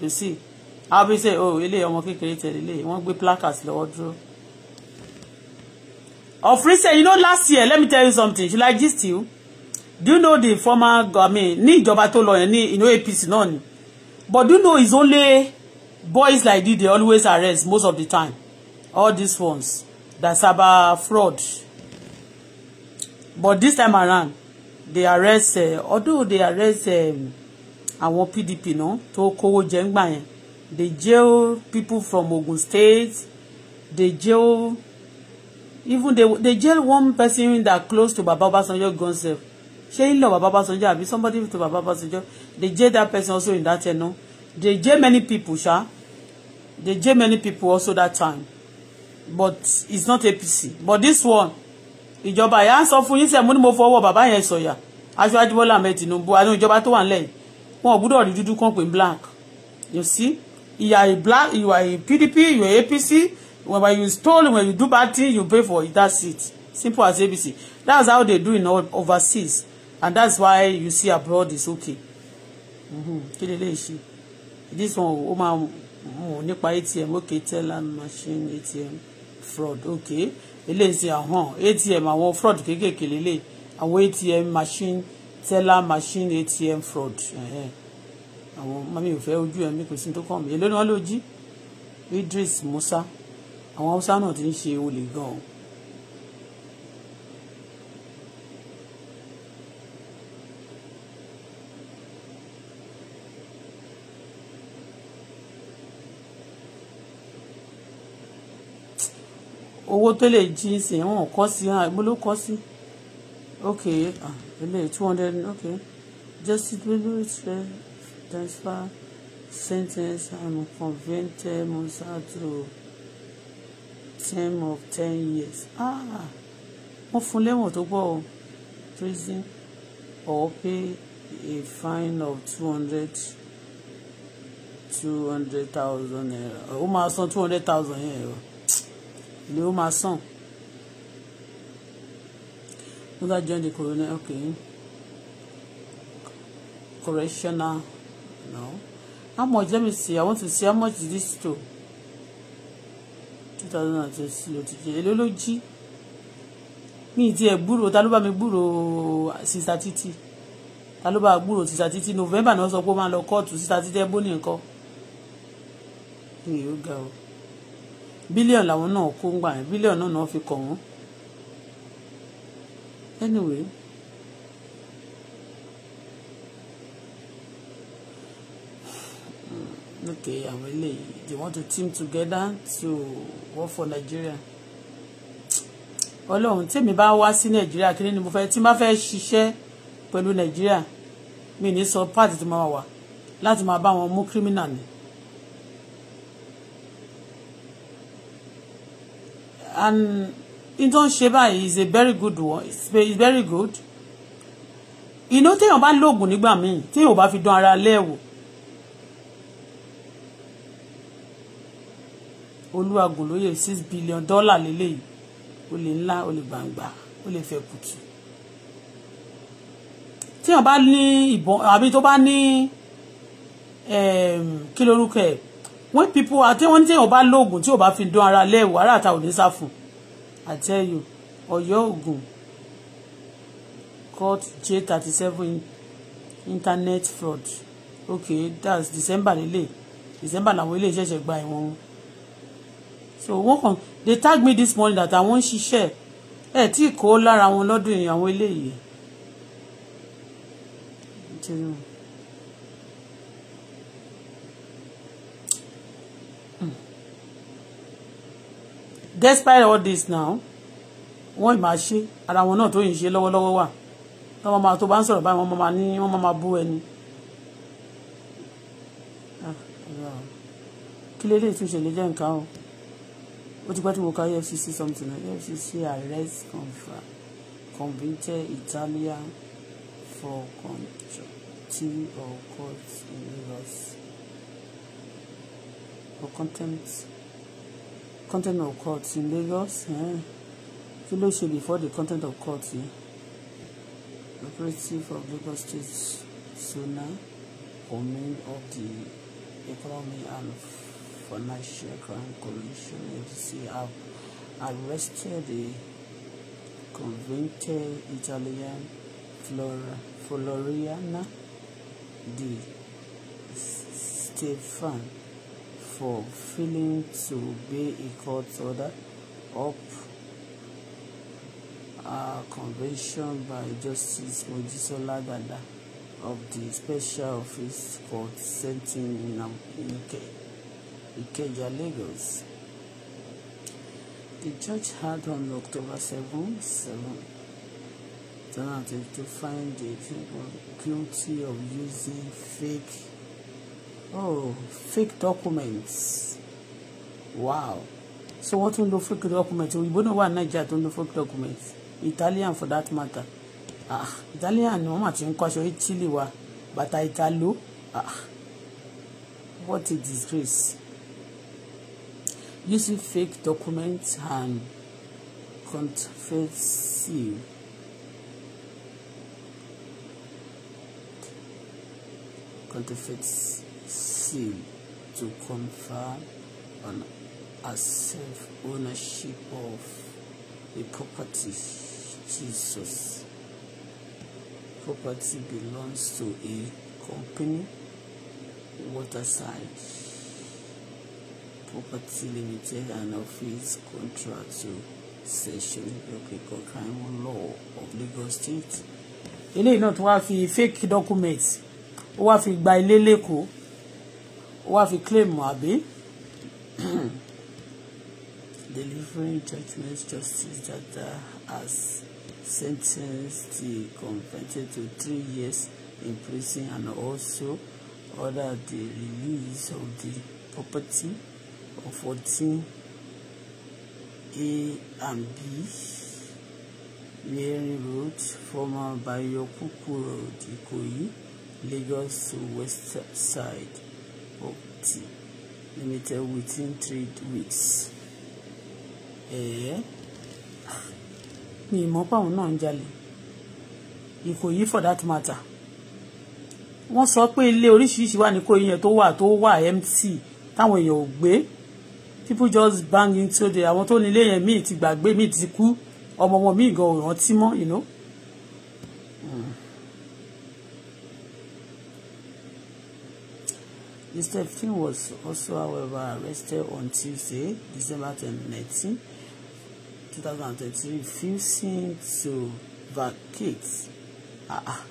You see? I'll be say, oh, ilé ọmọ kékeré tẹ̀lé ilé. Wọ́n gbé placards lọ́wọ́ dúró. Of recent, you know, last year, let me tell you something. Should I gist you? Do you know the former, I mean, ní ìjọba tó lọ yẹn you know, APC náà But do you know it's only boys like this they always arrest most of the time all these ones that's about fraud but this time around they arrest uh, although they arrest um, àwọn PDP no to kówó jẹ they jail people from Ogun State they jail even they they jail one person that close to Baba Obasanjo gunself ṣé ń lọ Baba Obasanjo àbí somebody to Baba Obasanjo they jail that person also in that ten no they jail many people ṣá They jail many people also that time. But it's not APC. But this one, ìjọba yà ń sọ fún yín sẹ́ mo ní mo fọwọ́ bàbá yẹn sọ̀yà aṣáájú Bọ́lá Ahmed Tinubu àti ìjọba tó wà nílẹ̀ wọn ò gbúdọ̀ rí dúdú kan pé black you see you are a black you are a PDP you are APC when you stole when you do bad thing you pay for it that's it simple as ABC that's how they do in all overseas and that's why you see abroad is okay mm-hmm. kí lè this one oh my oh, nípa atm ok teller machine atm fraud ok eléyìí ti àhàn atm àwọn fraud kéékèèké lélẹ̀ àwọn atm machine teller machine atm fraud àwọn mami ò fẹ́ ojú ẹ̀mí kò sí tó kàn mí èló ni wọ́n ló jí Idris Musa àwọn Hausa náà ti ń ṣe olè gan o owó tó lè jí ṣe wọn kọ́ sí hàn mo ló kọ́ sí ok ilé ah, two hundred ok justice bíbélì ṣe transfer sentence I'm convented musa to term of ten years ah wọ́n fún lẹ́wọ̀n tó pọ̀ prison or pay a fine of two hundred two hundred thousand naira ó máa san two hundred thousand yẹn ni ó máa sàn mother join the coroner okay correctional no how much let me see i want to see how much is this to two thousand and twenty ló ti jẹ èló ló jí mi ti ẹ̀ gbúrò ta ló bá mi gbúrò sista títí ta ló bá gbúrò sista títí november náà sọ pé ó máa lọ kóòtù sista títí ẹ bó ní nǹkan mi ò ga o bílíọ̀n làwọn náà kó ń gbà yẹn bílíọ̀n náà náà fi kọ̀ wọ́n anyway hmm, okay àwọn eléyìí they want to team together to work for Nigeria ọlọ́run tèmi bá wá sí nàìjíríà kí ni mo fẹ́ tí n bá fẹ́ ṣiṣẹ́ pẹ̀lú nàìjíríà mi ní sọ páàtì tí mo wà láti máa bá wọn mú kírímínà ni. and nítorí ṣe is a very good one it's very good inú téèyàn bá lóògùn nígbà míì téèyàn ò bá fi dán ara lẹ́wò olúwagùn lóye six billion dollar lélẹ́yìí olè ńlá olè gbàǹgbà olè fẹ́ kùtù téèyàn bá ní ìbọn àbí tó bá ní kí lorúkọ ẹ̀ when people are telling tí about bá lóògùn tí ò bá fi dán ara lẹ́wọ̀ ara àta ò ní sá fún I tell you ọ̀yọ́ ògùn court j thirty seven internet fraud okay that's december lélẹ̀ december làwọn ilé ìṣẹ̀ṣẹ̀ gba ẹ̀wọ̀n wọn so wọ́n kàn they tag me this morning that I àwọn ń ṣiṣẹ́ ẹ̀ tí kò lára wele. lọ́dún tell you. despite all this now wọ́n ì máa ṣe ara wọn náà tó yìn ṣe lọ́wọ́lọ́wọ́ wà táwọn máa tó bá ń sọ̀rọ̀ báyìí wọ́n máa ní wọ́n máa bú ẹni. Ah, kí lélẹ́yìí tún ṣẹlẹ̀ jẹ́ nǹkan o ó ti pẹ́ tí mo ka EFCC something like EFCC arrest convicted Italian for contempt of court in Lagos for contempt content of court in Lagos eh? kí ló before the content of court yìí operative of Lagos State zona command of the economy and financial crime coalition FCC have arrested the convicted Italian Flora, Floriana di Stefan for failing to obey a court order up a convention by Justice Mojisola Dada of the Special Office Court sentencing in Ikeja, Lagos. The judge had on October 7, 7 2022 find the people guilty of using fake oh fake documents wow so what tún lo fake documents We don't wà nàìjíríà to do fake documents italian for that matter ah italian No matter. mà ti ń kọ́ aṣọ italy wa bàtà italo ah what a disgrace using fake documents and counterfeiting. counterfeits seem to confer on us self-ownership of the property Jesus. Property belongs to a company, Waterside Property Limited, and of its contract to Section Criminal Law of Lagos State. eléyìí náà tó wá fi fake documents ó wá fi gba ilé lẹ́kọ̀ọ́ ó wá fi claim àbí *clears throat* delivering judgment justice data uh, has sentenced the convicted to three years in prison and also order the release of the property of fourteen A and B Mary Road, former Bayo Bayokuku Road, Ikoyi, Lagos to West Side. Property Limited within three weeks. Eh? mi mọ̀ páwọn náà ń jalè Ìkòyí for that matter wọ́n sọ pé ilé oríṣiríṣi wà ní Ìkòyí yẹn tó wà tó wà mc táwọn èèyàn ò gbé people just bang into the àwọn tó nílé yẹn míì ti gbàgbé míì ti kú ọmọ ọmọ míì gan ò rántí mọ́ you know. Mm. Mr. Finn was also, however, arrested on Tuesday, December 19, 2023, refusing to vacate. Ah, ah.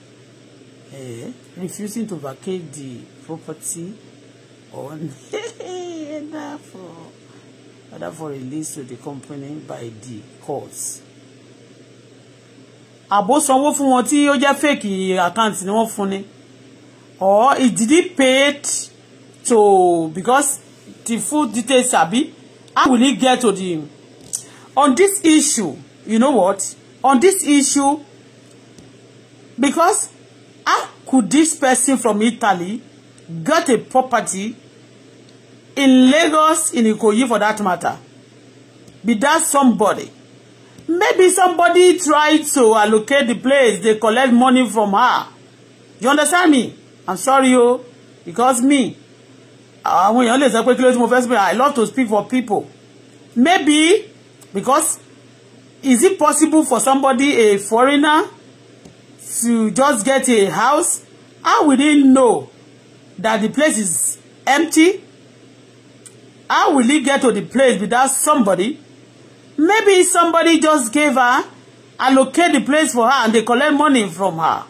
Eh? refusing to vacate the property on *laughs* order for order release to the company by the courts. Àbó sanwó fún wọn tí ó jẹ́ fake àkáǹtì ni wọ́n fún ni. Or it did he paid to because the full details sabi how will he get to the on this issue you know what on this issue because how could this person from Italy get a property in Lagos in Ikoyi for that matter be that somebody maybe somebody tried to allocate the place they collect money from her you understand me I'm sorry o oh, because me àwọn èèyàn lè sọ pé kí ló tí mo fẹ́ speak I love to speak for people maybe because is it possible for somebody a foreigner to just get a house how will he know that the place is empty how will he get to the place without somebody maybe somebody just gave her allocate the place for her and they collect money from her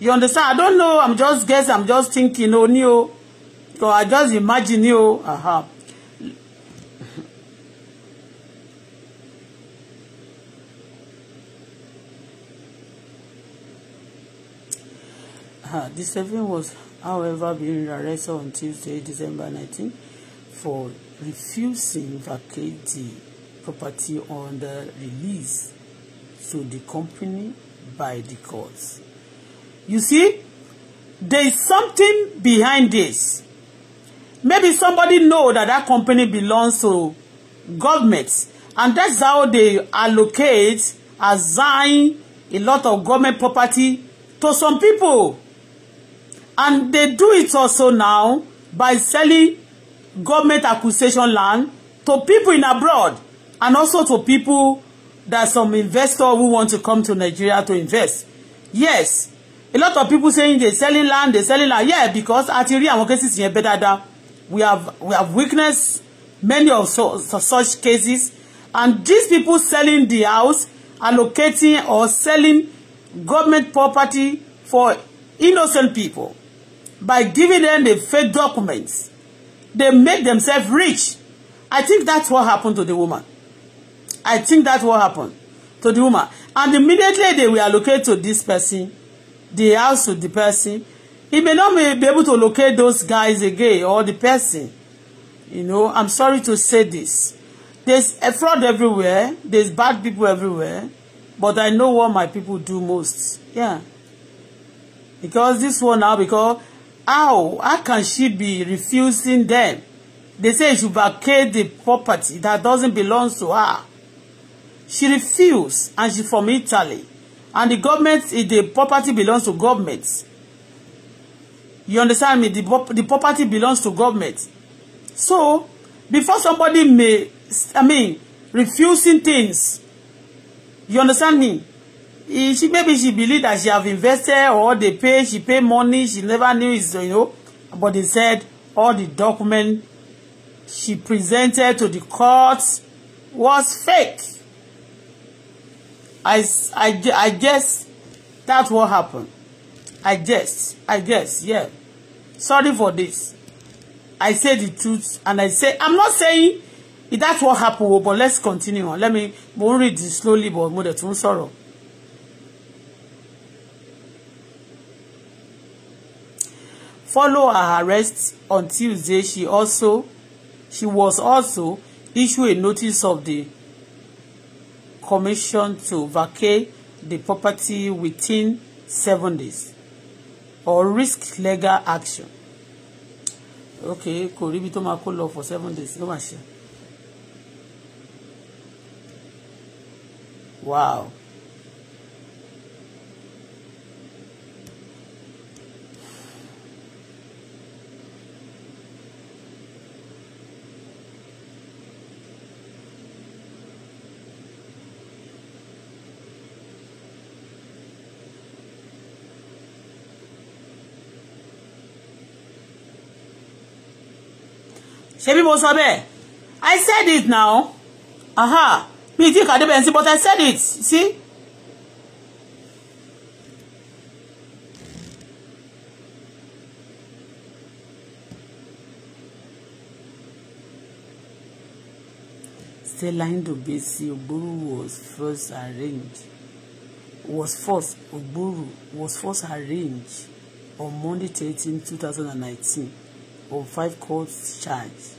you understand I don't know I'm just guess. I'm just thinking o ní o because I just imagine you. Aha. Uh, the seven was, however, being arrested on Tuesday, December 19, for refusing vacate the property on the release to the company by the courts. You see, there is something behind this maybe somebody know that that company belongs to government and that's how they allocate assign a lot of government property to some people and they do it also now by selling government acquisition land to people in abroad and also to people that some investor who want to come to Nigeria to invest yes a lot of people saying they selling land they selling land yeah because at rí àwọn cases yẹn better dáadáa we have we have witnessed many of so, so, such cases and these people selling the house allocating or selling government property for innocent people by giving them the fake documents they make themselves rich I think that's what happened to the woman I think that's what happened to the woman and immediately they will allocate to this person the house to the person he may not be able to locate those guys again or the person. You know, I'm sorry to say this. There's a fraud everywhere. There's bad people everywhere. But I know what my people do most. Yeah. Because this one now, because how, how can she be refusing them? They say she vacate the property that doesn't belong to her. She refused and she from Italy. And the government, the property belongs to governments. You understand me? The, the property belongs to government. So, before somebody may, I mean, refusing things, you understand me? She maybe she believe that she have invested or they pay, she pay money, she never knew it's, you know, but they said all the document she presented to the court was fake. I, I, I guess that's what happened. I guess, I guess, Yeah. Sorry for this. I say the truth and I say I'm not saying that's what happened, oh, but let's continue on. Let me we'll read this slowly, but mo dẹ̀ tún sọ̀rọ̀. Follow her arrest on Tuesday. She also she was also issued a notice of the commission to vacate the property within seven days or risk legal action okay kò ríbi tó máa kó lọ for seven days ló máa ṣe wow. ṣé mo sọ bẹ́ẹ̀ I said it now aha mi ti kàdé bẹ́ẹ̀ sí but I said it see. be see Ogburu was first arranged. was first Ogburu was first arranged on Monday 13, 2019 on five court charge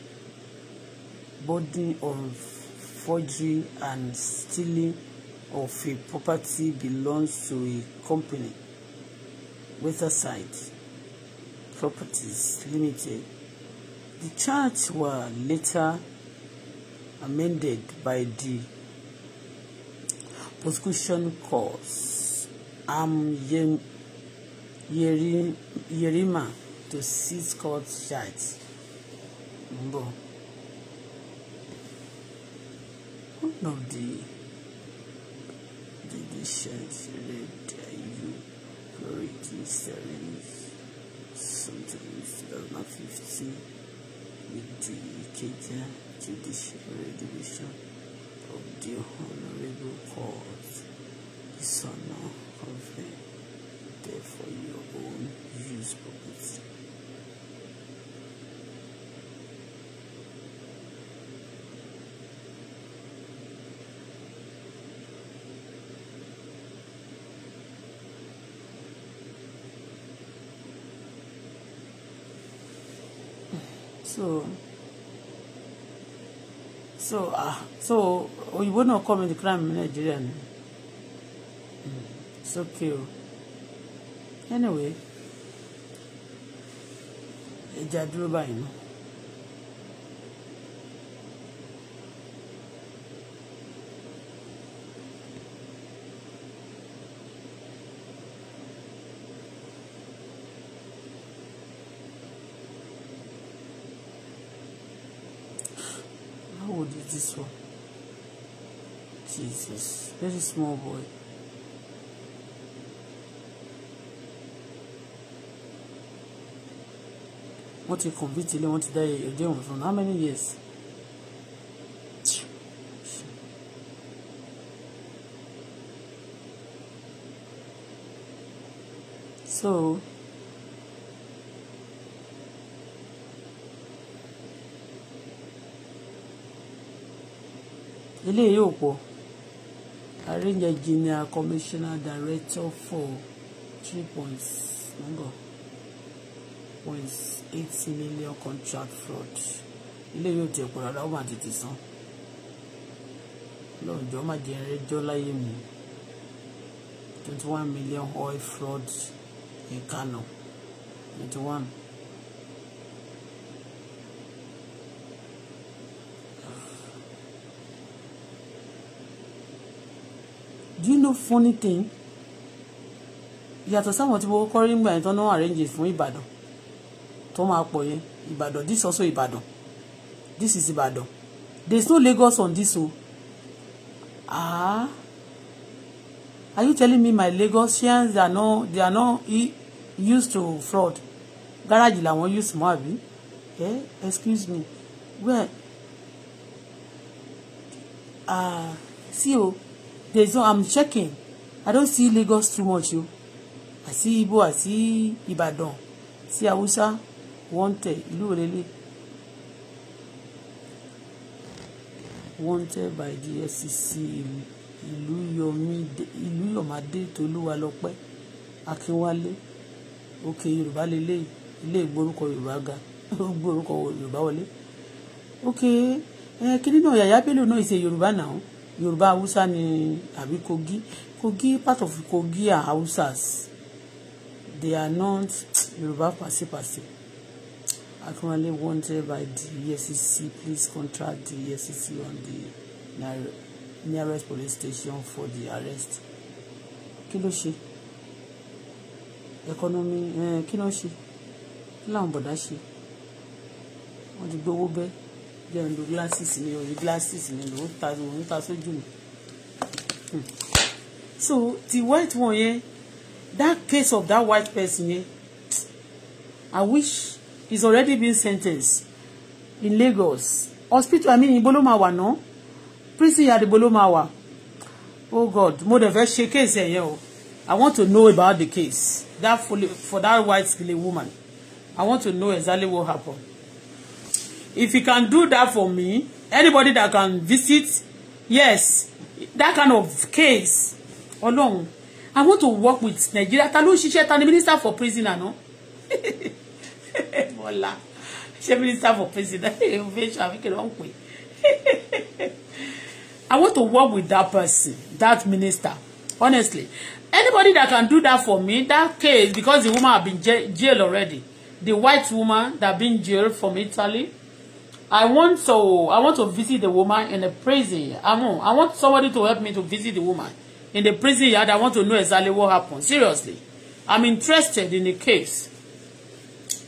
boarding on forgery and stealing of a property belongs to a company Weatherside Properties Limited. The charge were later amended by the prosecution cause Am Yerima to six court chart ń bọ̀ one of the the decisions read uh, you priority series sometimes number fifty with the Ikeja judiciary division of the honourable court is honour of them for your own use purpose. so so ah so òyìnbó náà kọ́ mi the crime in Nigeria ni mm, it's okay o anyway ìjà dúró báyìí náà. this one. Jesus, very small boy. What ti convict ilé want to die a òun fún how many years? so. eléyìí ò pọ̀ arrange engineer commissioner director for three points number points eight million contract fraud eléyìí ò tiẹ̀ pọ̀ rárá ó máa tètè san lọ́jọ́ máa jẹ́ ẹrẹ́jọ́ láyé mi twenty one million oil fraud in Kano twenty one. do you know funny thing yàtọ̀ sáwọn tí mo kọ́ rí nígbà yẹn tó náà arrange fún Ìbàdàn tó máa pọ̀ yẹn Ìbàdàn this also Ìbàdàn this is Ìbàdàn there is no Lagos on this o ah are you telling me my Lagosians they are not they are not e, used to fraud garage làwọn use mọ́ àbí eh excuse me well ah see o there's no i'm checking i don't see Lagos too much o i see Igbo i see Ibadan see Hausa wanted Ilu òlélẹ̀ wanted by the FCC Ilu yomi Ilu yomade tolúwalọpẹ́ Akínwálé òkè Yorùbá lélẹ̀ ilé ìgbórúkọ Yorùbá ga ìgbórúkọ *laughs* Yorùbá wọlé òkè kini eh, kí yaya Yàyà Bello náà ìṣe Yorùbá náà yorùbá haúsá ni àbí kogi kogi part of kogi are hausas they are not yorùbá pàṣẹ pàṣẹ currently wanted by the EFCC. Please contact the EFCC on the nearest police station for the arrest. Kí ló ṣe? Economy eh, kí ló ṣe? Kí làwọn bọ̀dá ṣe? Wọ́n ti gbowó bẹ́ẹ̀ jẹ́ ń lo glasses mi òye glasses mi ló ń ta òun ń ta sójú mi. Hmm. so ti white one yẹn that case of that white person yẹn I wish he's already been sentenced in Lagos hospital I mean ibo ló máa wà prison yard ibo ló máa oh God mo dẹ̀ fẹ́ ṣe case ẹ̀ yẹn o I want to know about the case that for, for that white skinned woman I want to know exactly what happened if you can do that for me anybody that can visit yes that kind of case Ọlọ́run I want to work with Nigeria ta ló ń ṣiṣẹ́ ta minister for prison àná *laughs* Bọ́lá she minister for prison invasion *laughs* àfikẹ́ ló ń pè *laughs* I want to work with that person that minister honestly anybody that can do that for me that case because the woman have been jailed already the white woman that been jailed from Italy I want to I want to visit the woman in the prison. I want I want somebody to help me to visit the woman in the prison yard. I want to know exactly what happened. Seriously, I'm interested in the case.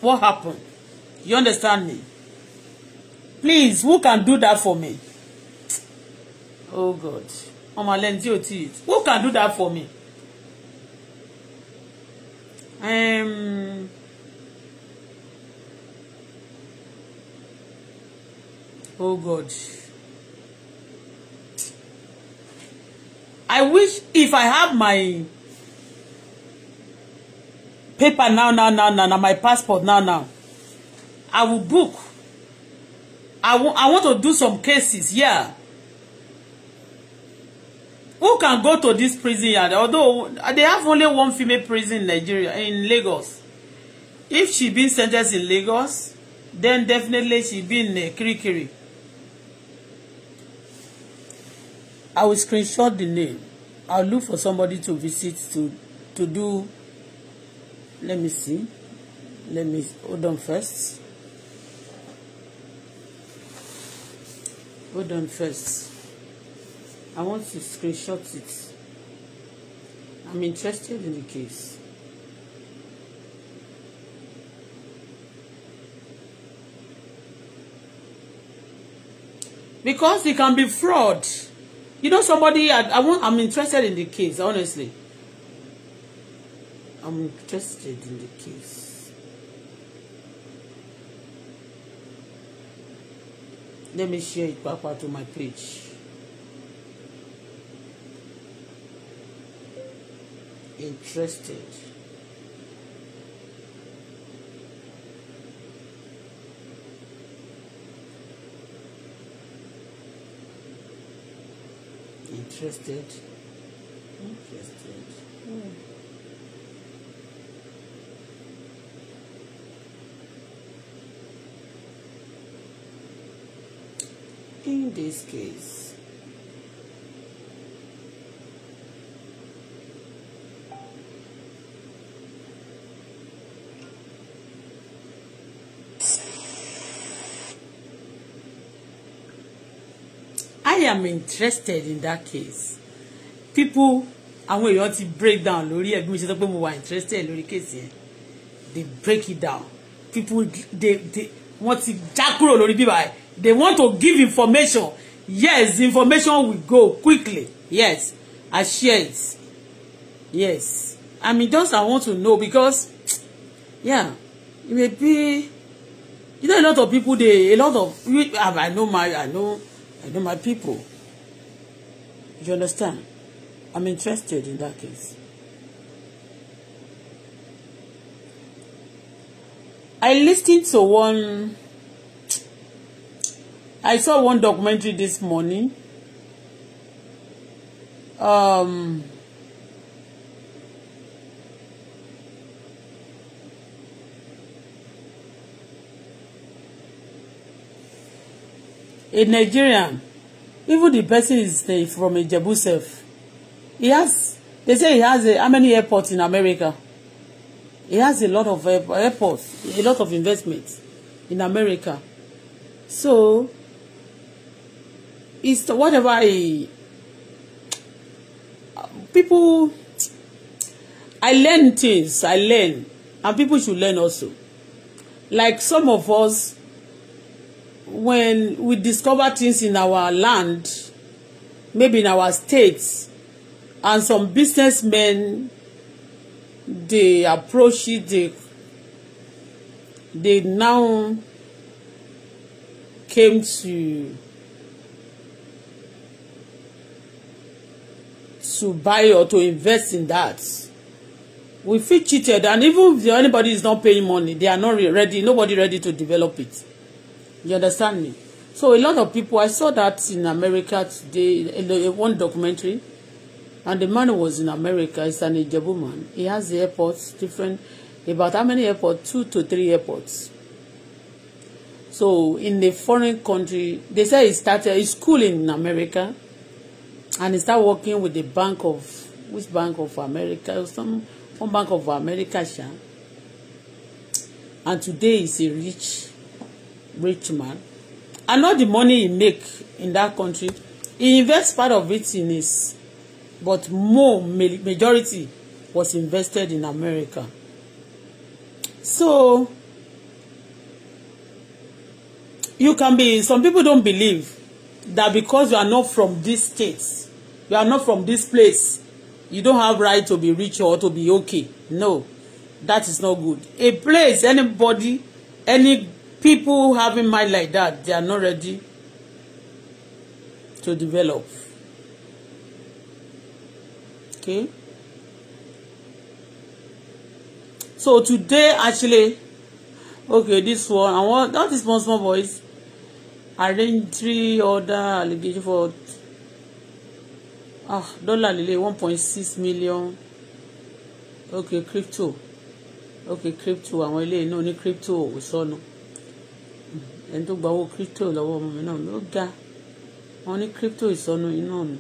What happened? You understand me? Please, who can do that for me? Oh God, ọmọ lẹ́ntì ò who can do that for me? Um, Oh God. I wish if I have my paper now, now, now, now, now, my passport now, now, I will book. I, I want to do some cases, yeah. Who can go to this prison yard? Although they have only one female prison in Nigeria, in Lagos. If she been sentenced in Lagos, then definitely she been in uh, Kirikiri. I will screenshot the name. I'll look for somebody to visit to to do. Let me see. Let me hold on first. Hold on first. I want to screenshot it. I'm interested in the case. Because it can be fraud. You know somebody, I, I want, I'm interested in the case, honestly. I'm interested in the case. Let me share it back to my page. Interested. interested interested mm. in this case I am interested in that case people àwọn èèyàn ti break down lórí ẹ̀ bí mo ṣe sọ pé mo wà interested lórí kéèsì yẹn they break it down people they they wọ́n ti já kúrò lórí bíbá ẹ̀ they want to give information yes information will go quickly yes I share it yes I mean just I want to know because yeah it may be you know a lot of people dey a lot of you I know my I know. I know my people. You understand? I'm interested in that case. I listened to one. I saw one documentary this morning. Um, a Nigerian even the person is the, from Ijebu sef he has they say he has a, how many airports in America he has a lot of airports a lot of investments in America so it's whatever he people I learn things I learn and people should learn also like some of us when we discover things in our land maybe in our states and some businessmen they approach it they they now came to to buy or to invest in that we feel cheated and even if anybody is not paying money they are not ready nobody ready to develop it You understand me? So a lot of people, I saw that in America today, in the, one documentary, and the man was in America, he's an Ijebu man. He has the airports, different, about how many airports? Two to three airports. So in the foreign country, they say he started his school in America, and he started working with the Bank of, which Bank of America, or some, Bank of America, yeah. and today he's a rich rich man and all the money he make in that country he invest part of it in his but more majority was invested in America so you can be some people don't believe that because you are not from this state you are not from this place you don't have right to be rich or to be okay no that is not good a place anybody any people having mind like that they are not ready to develop okay so today actually okay this one i want not this one small boys arrange three other allegation for ah dollar lele one point six million okay crypto okay crypto àwọn ilé iná ní crypto ò sọnù. So no ẹni tó gba owó crypto lọ́wọ́ ọmọ mi náà ló ga wọn ní crypto ìsọnù iná ọ̀nà.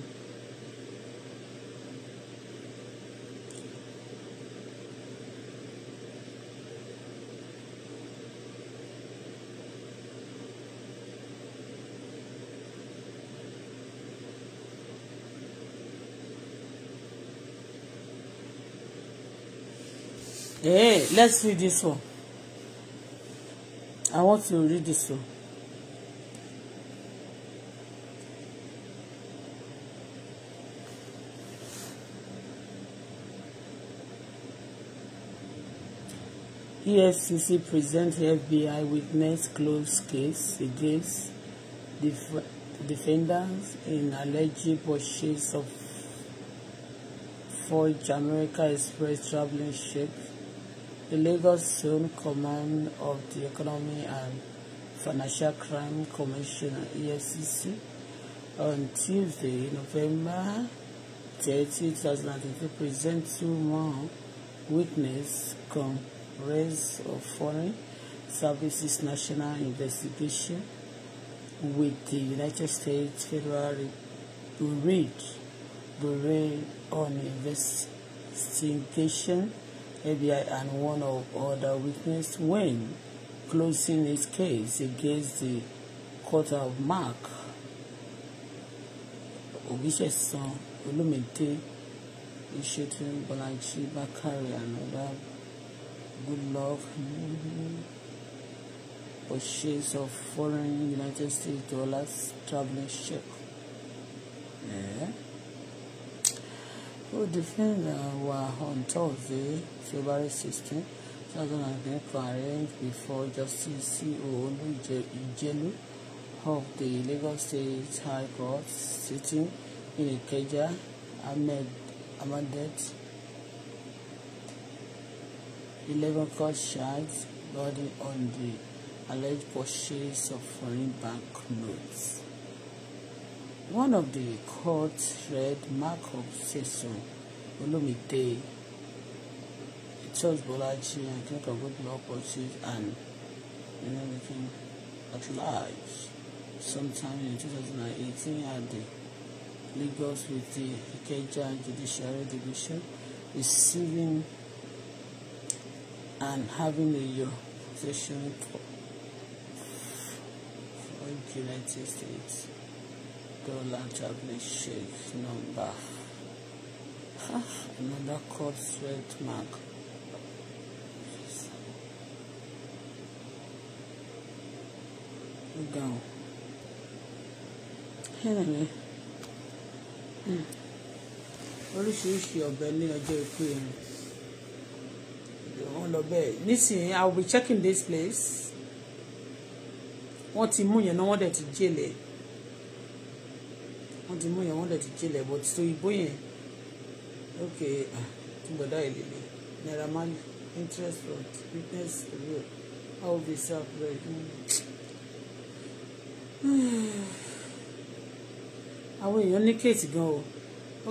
Hey, eh, let's read this one. I want to read this one. EFCC presents FBI witness close case against def defendants in alleged purchase of forged American Express traveling ships the Lagos Zone Command of the Economy and Financial Crime Commission EFCC on Tuesday, November 30, 2023, present two more witness Congress of Foreign Services National Investigation with the United States Federal Bureau, Bureau on Investigation Maybe I and one of other witness when closing his case against the court of Mark Obisesan Olumide Ishetun Bolaji Bakare and other good love purchase of foreign United States dollars traveling check. Yeah who defended uh, were on Thursday, February 16, 2010, arraigned before Justice C.O. E Ijelu of the Lagos State High Court sitting in Ikeja, Ahmed Ahmedet, Eleven court charged body on the alleged purchase of foreign bank notes. One of the courts read markup session Olumide Charles Bolaji and King of Good Law Pursuit and you everything at large sometime in 2018 at the Lagos with the Ikeja Judiciary Division receiving and having a possession for, for United States dollar tablet shave number. Ah, another cold sweat mark. Go. Anyway. Hmm. Oríṣiríṣi ọ̀bẹ ní ọjọ́ ikú yẹn. Wọ́n lọ bẹ́ẹ̀. Nísìnyí, I will be checking this place. Wọ́n ti mú yẹn náà wọ́n dẹ̀ ti wọ́n ti mú yẹn wọ́n dẹ̀ ti jẹ́lẹ̀ bọ́ ti so yẹn ok túbọ̀dá ìlélẹ̀ naira mali interest fraud witness owó how be self reg. àwọn èèyàn ní kéètì gan o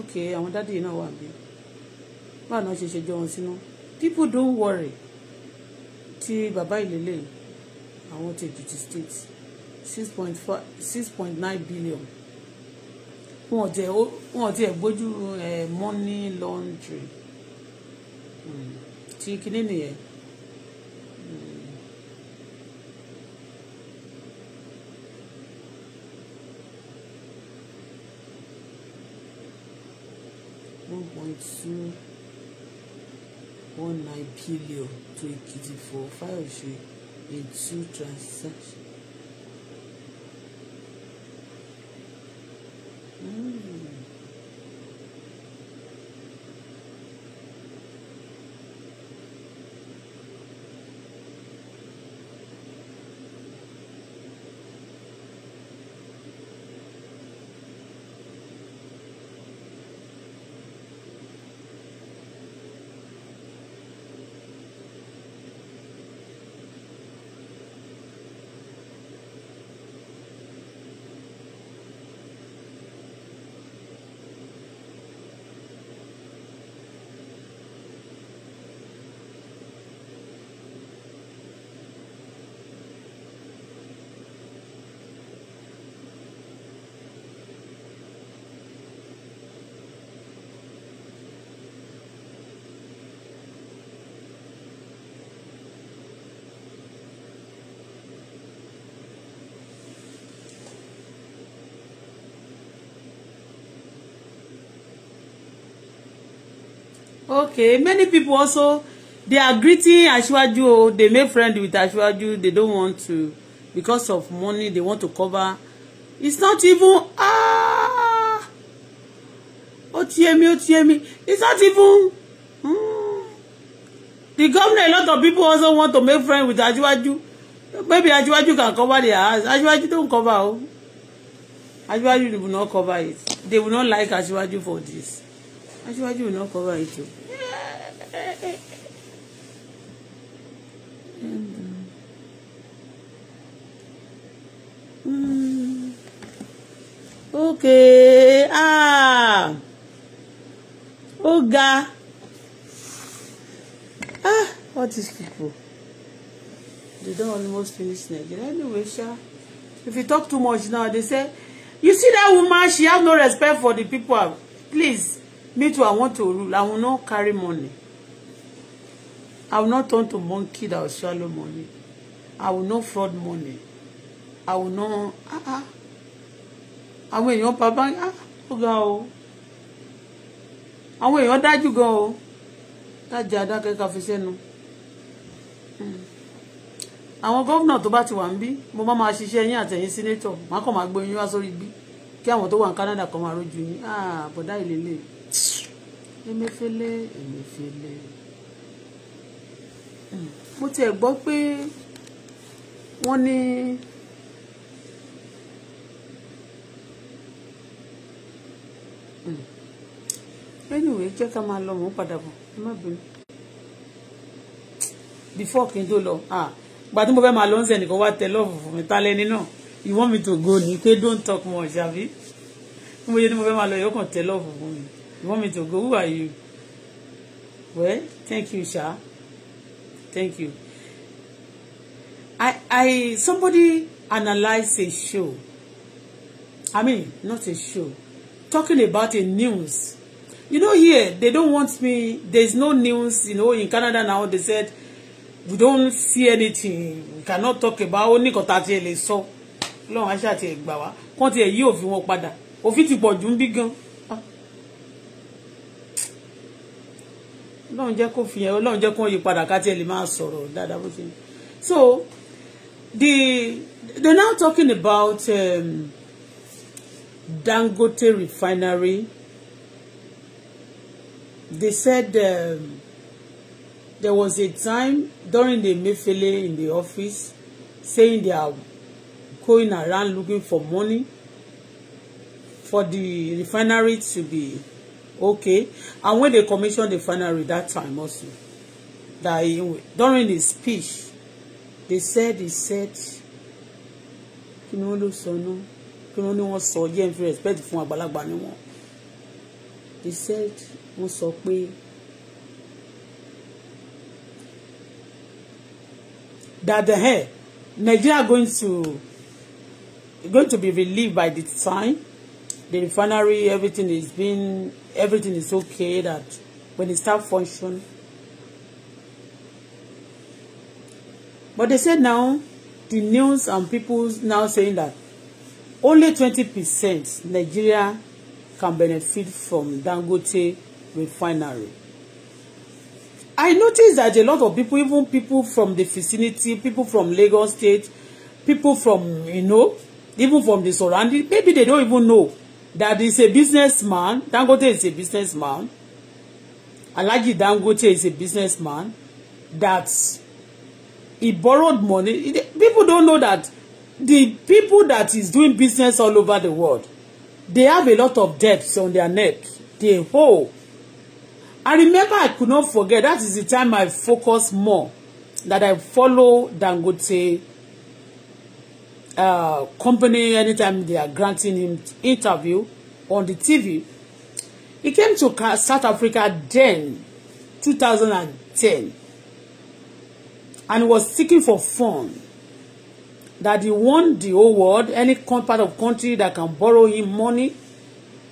ok àwọn dádì yìí náà wà bí báà náà ṣe ṣe jọ wọn sínú people don't worry ti bàbá ìlélẹ̀ àwọn ti Èkìtì state six point five six point nine billion wọn tiẹ̀ wọn tiẹ̀ gbójú money laundry hmm. ti kíní nìyẹn. Hmm. one point two one nine billion to Ekiti for Fayose in two transactions. Mm. okay many people also they are greeting Asiwaju o they make friend with Asiwaju they don't want to because of money they want to cover it's not even ah ó ti yé mi ó ti yé mi it's not even hmm? the governor a lot of people also want to make friend with Asiwaju maybe Asiwaju can cover their house Asiwaju don't cover o Asiwaju will not cover it they will not like Asiwaju for this aṣíwájú ò náà cover it o. okay ah ó ga ah all these people they don almost finish Nigeria anyway sha if you talk too much now they say you see that woman she have no respect for the people please Me too, I want to rule. I will not carry money. I will not turn to monkey that will swallow money. I will not fraud money. I will not. Ah, ah. Àwọn èèyàn bàbá ah ó ga o. Àwọn èèyàn dájú gan o. Dájà adákẹ́ ká fi sẹ́nu. Hmm. Àwọn gómìnà tó bá ti wà ń bí, mo máa ma ṣiṣẹ́ yín àtẹ̀yìn sínétọ̀, màá kàn máa gbé yín wá wa bí kí àwọn tó wà ní Canada kan máa rojú yín. Ah, bọ̀dá ìlélẹ́yìí. Emefiele Emefiele mo tiẹ̀ gbọ́ pé wọ́n ní anyway jẹ́ ká máa lọ mọ̀ padà bọ̀ ẹ má bínú before kí n tó lọ ah gba tí mo fẹ́ máa lọ ń sẹ́ nìkan wá tẹ lọ́ọ̀fù fún mi ta lẹ́ni náà you want me to go ni pé don't talk much àbí mo yẹ ni mo fẹ́ máa lọ yọkàn tẹ lọ́ọ̀fù fún mi. You want me to go? Who are you? Well, thank you, Sha. Thank you. I I somebody analyzed a show. I mean, not a show. Talking about a news. You know, here they don't want me. There's no news. You know, in Canada now they said we don't see anything. We cannot talk about only kotati ele so. Long asha ti egbawa. Konti e yi òfin wọn padà. Òfin ti pọ̀jù ń bí gan. ọlọ́run jẹ́ kó fi yẹn ọlọ́run jẹ́ kó yí padà ká tiẹ̀ lè máa sọ̀rọ̀ dáadáa bó ṣe ń so the they now talking about um, Dangote refinery they said um, there was a time during the Emefiele in the office saying they are going around looking for money for the refinery to be okay and when they commissioned the finery that time also that he, during his speech they said he said kí ni wọ́n ló sọ náà kí wọ́n ní wọ́n sọ yẹn fi respect fún àgbàlagbà ni wọ́n he said wọ́n sọ pé that the hair Nigeria going to going to be relieved by the time the refinery everything is being everything is okay that when it start function but they say now the news and people now saying that only 20 percent Nigeria can benefit from Dangote refinery I noticed that a lot of people even people from the vicinity people from Lagos State people from you know even from the surrounding maybe they don't even know that is a businessman Dangote is a businessman Alhaji Dangote is a businessman that he borrowed money people don't know that the people that is doing business all over the world they have a lot of debts on their neck they owe I remember I could not forget that is the time I focus more that I follow Dangote Uh, company anytime they are granting him interview on the TV. He came to South Africa then, 2010, and was seeking for fund that he won the whole world, any part of country that can borrow him money,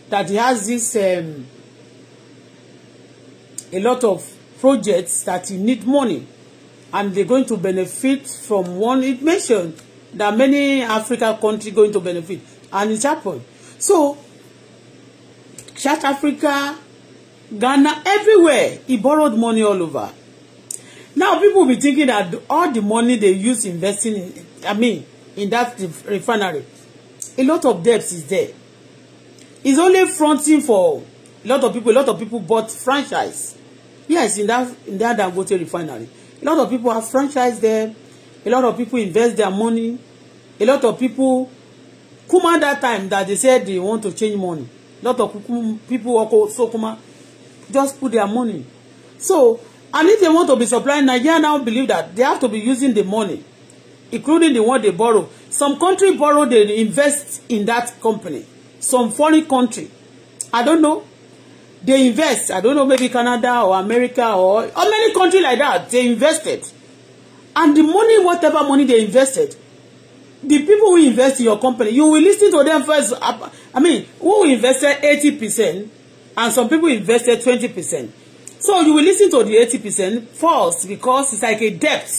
that he has this um, a lot of projects that he need money, and they're going to benefit from one. It mentioned That many African countries going to benefit, and it happened. So, South Africa, Ghana, everywhere, he borrowed money all over. Now, people be thinking that all the money they use investing in, I mean, in that refinery, a lot of debts is there. It's only fronting for a lot of people. A lot of people bought franchise. Yes, in that in that Dangote refinery. A lot of people have franchise there a lot of people invest their money a lot of people Kuma that time that they said they want to change money a lot of people also Kuma just put their money so and if they want to be supplying Nigeria now believe that they have to be using the money including the one they borrow some country borrow they invest in that company some foreign country I don't know they invest I don't know maybe Canada or America or, or many country like that they invested And the money, whatever money they invested, the people who invest in your company, you will listen to them first. I mean, who invested eighty percent, and some people invested twenty percent. So you will listen to the eighty percent first because it's like a debt.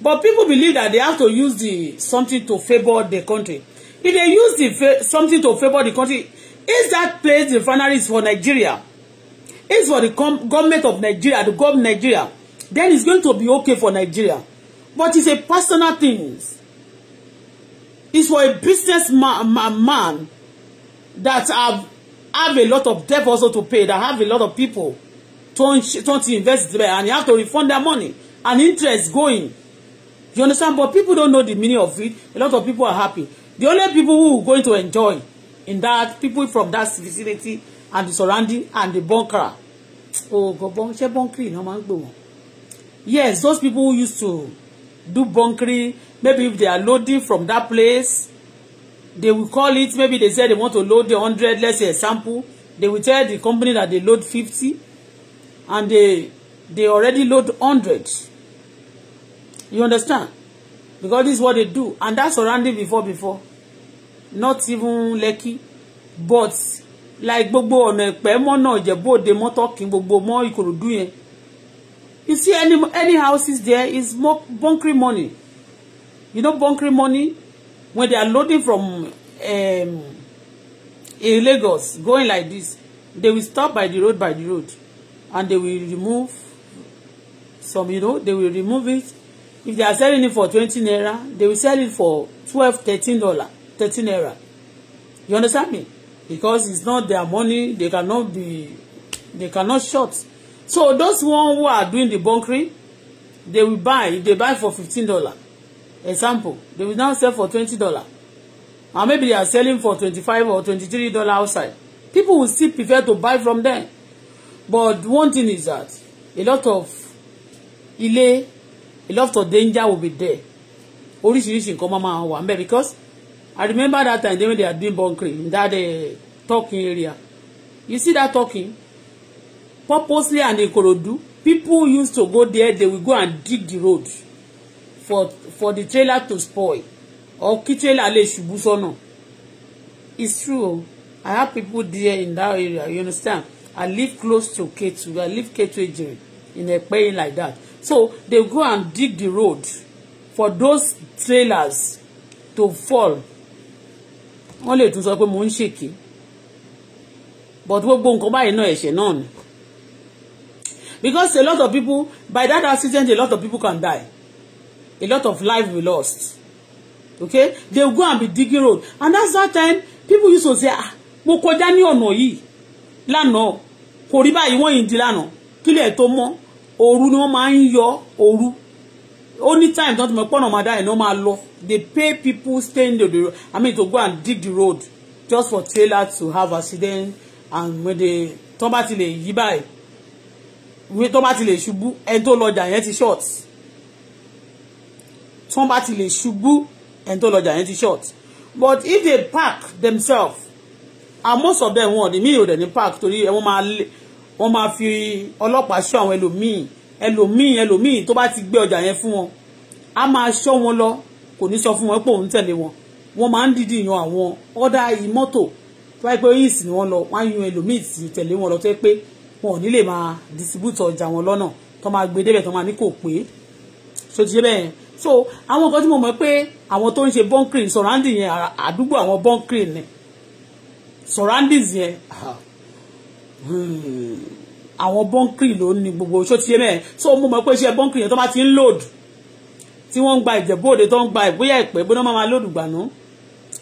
But people believe that they have to use the something to favor the country. If they use the something to favor the country, is that place the refinery is for Nigeria? Is for the government of Nigeria, the government of Nigeria then it's going to be okay for Nigeria. But it's a personal thing. It's for a business ma ma man that have, have a lot of debt also to pay, that have a lot of people to to invest there and you have to refund their money and interest going. You understand? But people don't know the meaning of it. A lot of people are happy. The only people who are going to enjoy in that, people from that vicinity and the surrounding and the bunker. Oh, go bunker, bunker, no man, go yes those people who used to do bunkering maybe if they are loading from that place they will call it maybe they say they want to load the hundred let's say sample. they will tell the company that they load fifty and they they already load hundred you understand because this is what they do and that surrounding before before not even Lekki but like bobo. on gbogbo ọ̀nà ìpẹ́ mọ́nà Ìjẹ̀bú Bobo mọ́tọ́kì you mọ́ do it. You see any any houses there is more bunkering money. You know bunkering money when they are loading from um, in Lagos going like this, they will stop by the road by the road, and they will remove some. You know they will remove it. If they are selling it for twenty naira, they will sell it for twelve, thirteen dollar, thirteen naira. You understand me? Because it's not their money, they cannot be, they cannot short. So those ones who are doing the bunkering, they will buy. they buy for fifteen dollar, example, they will now sell for twenty dollar, and maybe they are selling for twenty-five or twenty-three dollar outside. People will still prefer to buy from them. But one thing is that a lot of ilé, a lot of danger will be there. Oríṣiríṣi nǹkan máa wà ńbẹ̀ because I remember that time when they are doing bunkering in that uh, talking area. You see that talking? purposely and Ikorodu people used to go there they will go and dig the road for for the trailer to spoil or kí trailer lè ṣubú sọ́nà it's true oh. I have people there in that area you understand I live close to Ketu I live Ketu Ejere in Epe like that so they go and dig the road for those trailers to fall wọ́n lè tún sọ pé mò ń ṣèké but gbogbo nǹkan báyìí náà ẹ̀ṣẹ̀ náà ni Because a lot of people, by that accident, a lot of people can die. A lot of life be lost. Okay? They go and be digging road. And that's that time, people used to say, ah, mo kọjá ní ọ̀nà yìí lánàá kò rí báyìí wọ́n yìí di lánàá kílẹ̀ tó mọ́ òru ni wọ́n máa ń yọ òru only time tó ti mọ̀ pọ́nà máa dá ẹ̀ náà máa lọ they pay people staying the road I mean to go and dig the road just for trailer to have accident and when they tọ́ bá ti lè yí ìwé tó bá ti lè ṣubú ẹni tó lọjà yẹn ti short tí wọ́n bá ti lè ṣubú ẹni tó yẹn ti short but if they park themselves and most of them wọ́n ní mí ò dẹ̀ ní park torí wọ́n máa wọ́n máa fi ọlọ́pàá ṣọ́ àwọn ẹlòmíì ẹlòmíì ẹlòmíì tó bá ti gbé ọjà yẹn fún wọn a máa ṣọ́ wọn lọ kò ní sọ fún wọn pé òun tẹ̀lé wọn wọ́n máa ń dìdì yan àwọn ọ̀dà ìmọ́tò tó wáyé pé yìí sì ni wọ́n lọ wọ́n á yan ẹlòmíì sì tẹ̀lé wọn lọ tó yẹ pé wọn ò ní lè máa distribute ọjà wọn lọ́nà tó máa gbé débẹ̀ tó máa ní kò pé so ti ṣe bẹ́ẹ̀ so àwọn nǹkan tí mo mọ̀ pé àwọn tó ń ṣe bunkering surrounding yẹn àdúgbò àwọn bunkering ni surroundings yẹn hmm. àwọn bunkering ló ní gbogbo so ti ṣe bẹ́ẹ̀ so mo mọ̀ pé iṣẹ́ bunkering yẹn tó bá ti ń load tí wọ́n ń gba ìjẹ̀bú òde tó ń gba ìbóyá ìpẹ́ bóná máa lòdù gbànú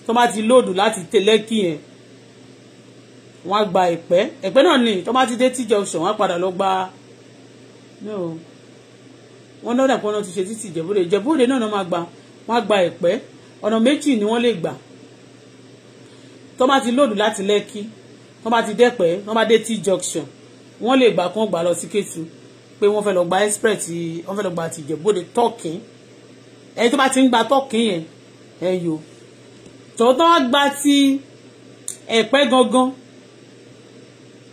tó bá ti lòdù láti tẹ̀lẹ́kì yẹn wọ́n á gba ẹ̀pẹ́ ẹ̀pẹ́ náà ni tó bá ti dé tí junction wọ́n á padà lọ gba no wọ́n lọ́dà pé wọ́n ti ṣe títì ìjẹ́bóde ìjẹ́bóde náà máa gba wọ́n á gba ẹ̀pẹ́ ọ̀nà méjì ni wọ́n lè gbà tó bá ti lòdù láti lẹ́kí tó bá ti dẹ́pẹ́ tó bá dé tí junction wọ́n lè gbà kán gbà lọ sí Kétu pé wọ́n fẹ́ lọ gba express wọ́n fẹ́ lọ gba ti ìjẹ́bóde tọ́kìn ẹni tó bá ti ń gba tọ́kìn yẹn ẹ yòó gba ti ẹ̀pẹ́ gangan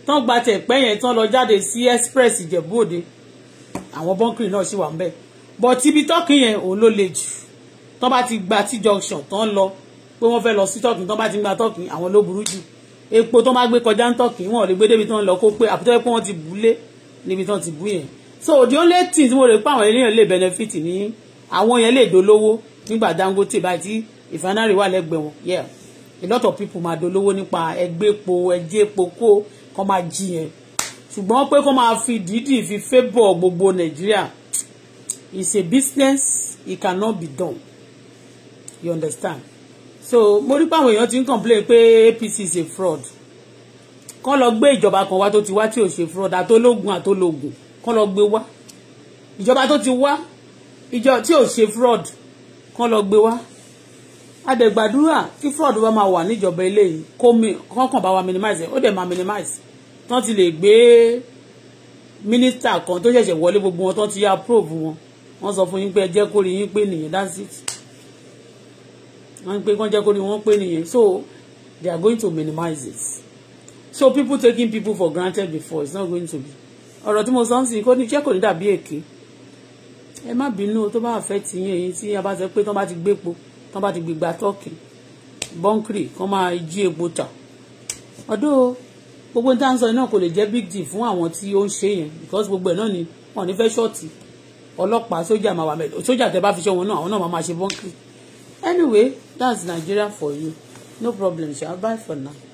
tán gba tẹ̀pẹ́ yẹn tán lọ jáde sí express ìjẹ̀bú òde àwọn bọ́ńkìrì náà sì wà ń bẹ̀ but ibi tọ́kì yẹn òun ló le jù tán bá ti gba tí junction tán lọ pé wọ́n fẹ́ lọ sí tọ́kì tán bá ti gba tọ́kì àwọn ló burú jù epo tán bá gbé kọjá ń tọ́kì wọn ò lè gbé débi tán lọ kó pé àbútọ́ pé wọ́n ti bù lé níbi tán ti bù yẹn so the only thing tí mo rò pé àwọn ènìyàn lè benefit ní àwọn yẹn lè dolówó nígbà Dangote báyìí tí ìfanárì wà lẹ́gbẹ̀ẹ́ wọn yeah a lot of people máa dolówó nípa ẹgbẹ́ epo ẹjẹ́ epo kó kọ́ máa jí yẹn ṣùgbọ́n pé kọ́ máa fi dídì fi favour gbogbo nàìjíríà it's a business it cannot be done you understand so mo rí pé àwọn èèyàn ti ń complain pé APC is a fraud kọ́ lọ gbé ìjọba kan wá tó ti wá tí ò ṣe fraud àtológun àtológun kọ́ lọ gbé wá ìjọba tó ti wá ìjọ tí ò ṣe fraud kán lọ gbé wá adẹ̀gbàdúrà tí fraud bá máa wà níjọba eléyìí kó mi kán kàn bá wa minimize ẹ̀ ó dẹ̀ máa minimize tán ti lè gbé mínísítà kan tó ṣẹ̀ṣẹ̀ wọlé gbogbo wọn tán ti approve wọn wọ́n sọ fún yín pé ẹ jẹ́ yín pé nìyẹn that's it wọ́n pé wọ́n jẹ́ kó wọ́n pé nìyẹn so they are going to minimize it so people taking people for granted before it's not going to be ọ̀rọ̀ tí mo sọ ń sìn kó ní jẹ́ kò dàbí èké ẹ má bínú tó bá fẹ́ ti yín èyí tí a pé tán bá ti gbépo tán bá ti gbégbá tọ́kì bọ́ńkìrì kán máa jí epo tà ọdún gbogbo ní táǹsán náà kò lè jẹ́ big deal fún àwọn tí ó ń ṣe yẹn because gbogbo ẹ̀ náà ni wọn ò ní fẹ́ ṣọ́ọ̀tì ọlọ́pàá sójà máa wà mẹ́lẹ̀ sójà tẹ bá fi ṣọ́ wọn náà àwọn náà máa máa ṣe bọ́ńkì anyway that's Nigeria for you no problem ṣe i buy for now.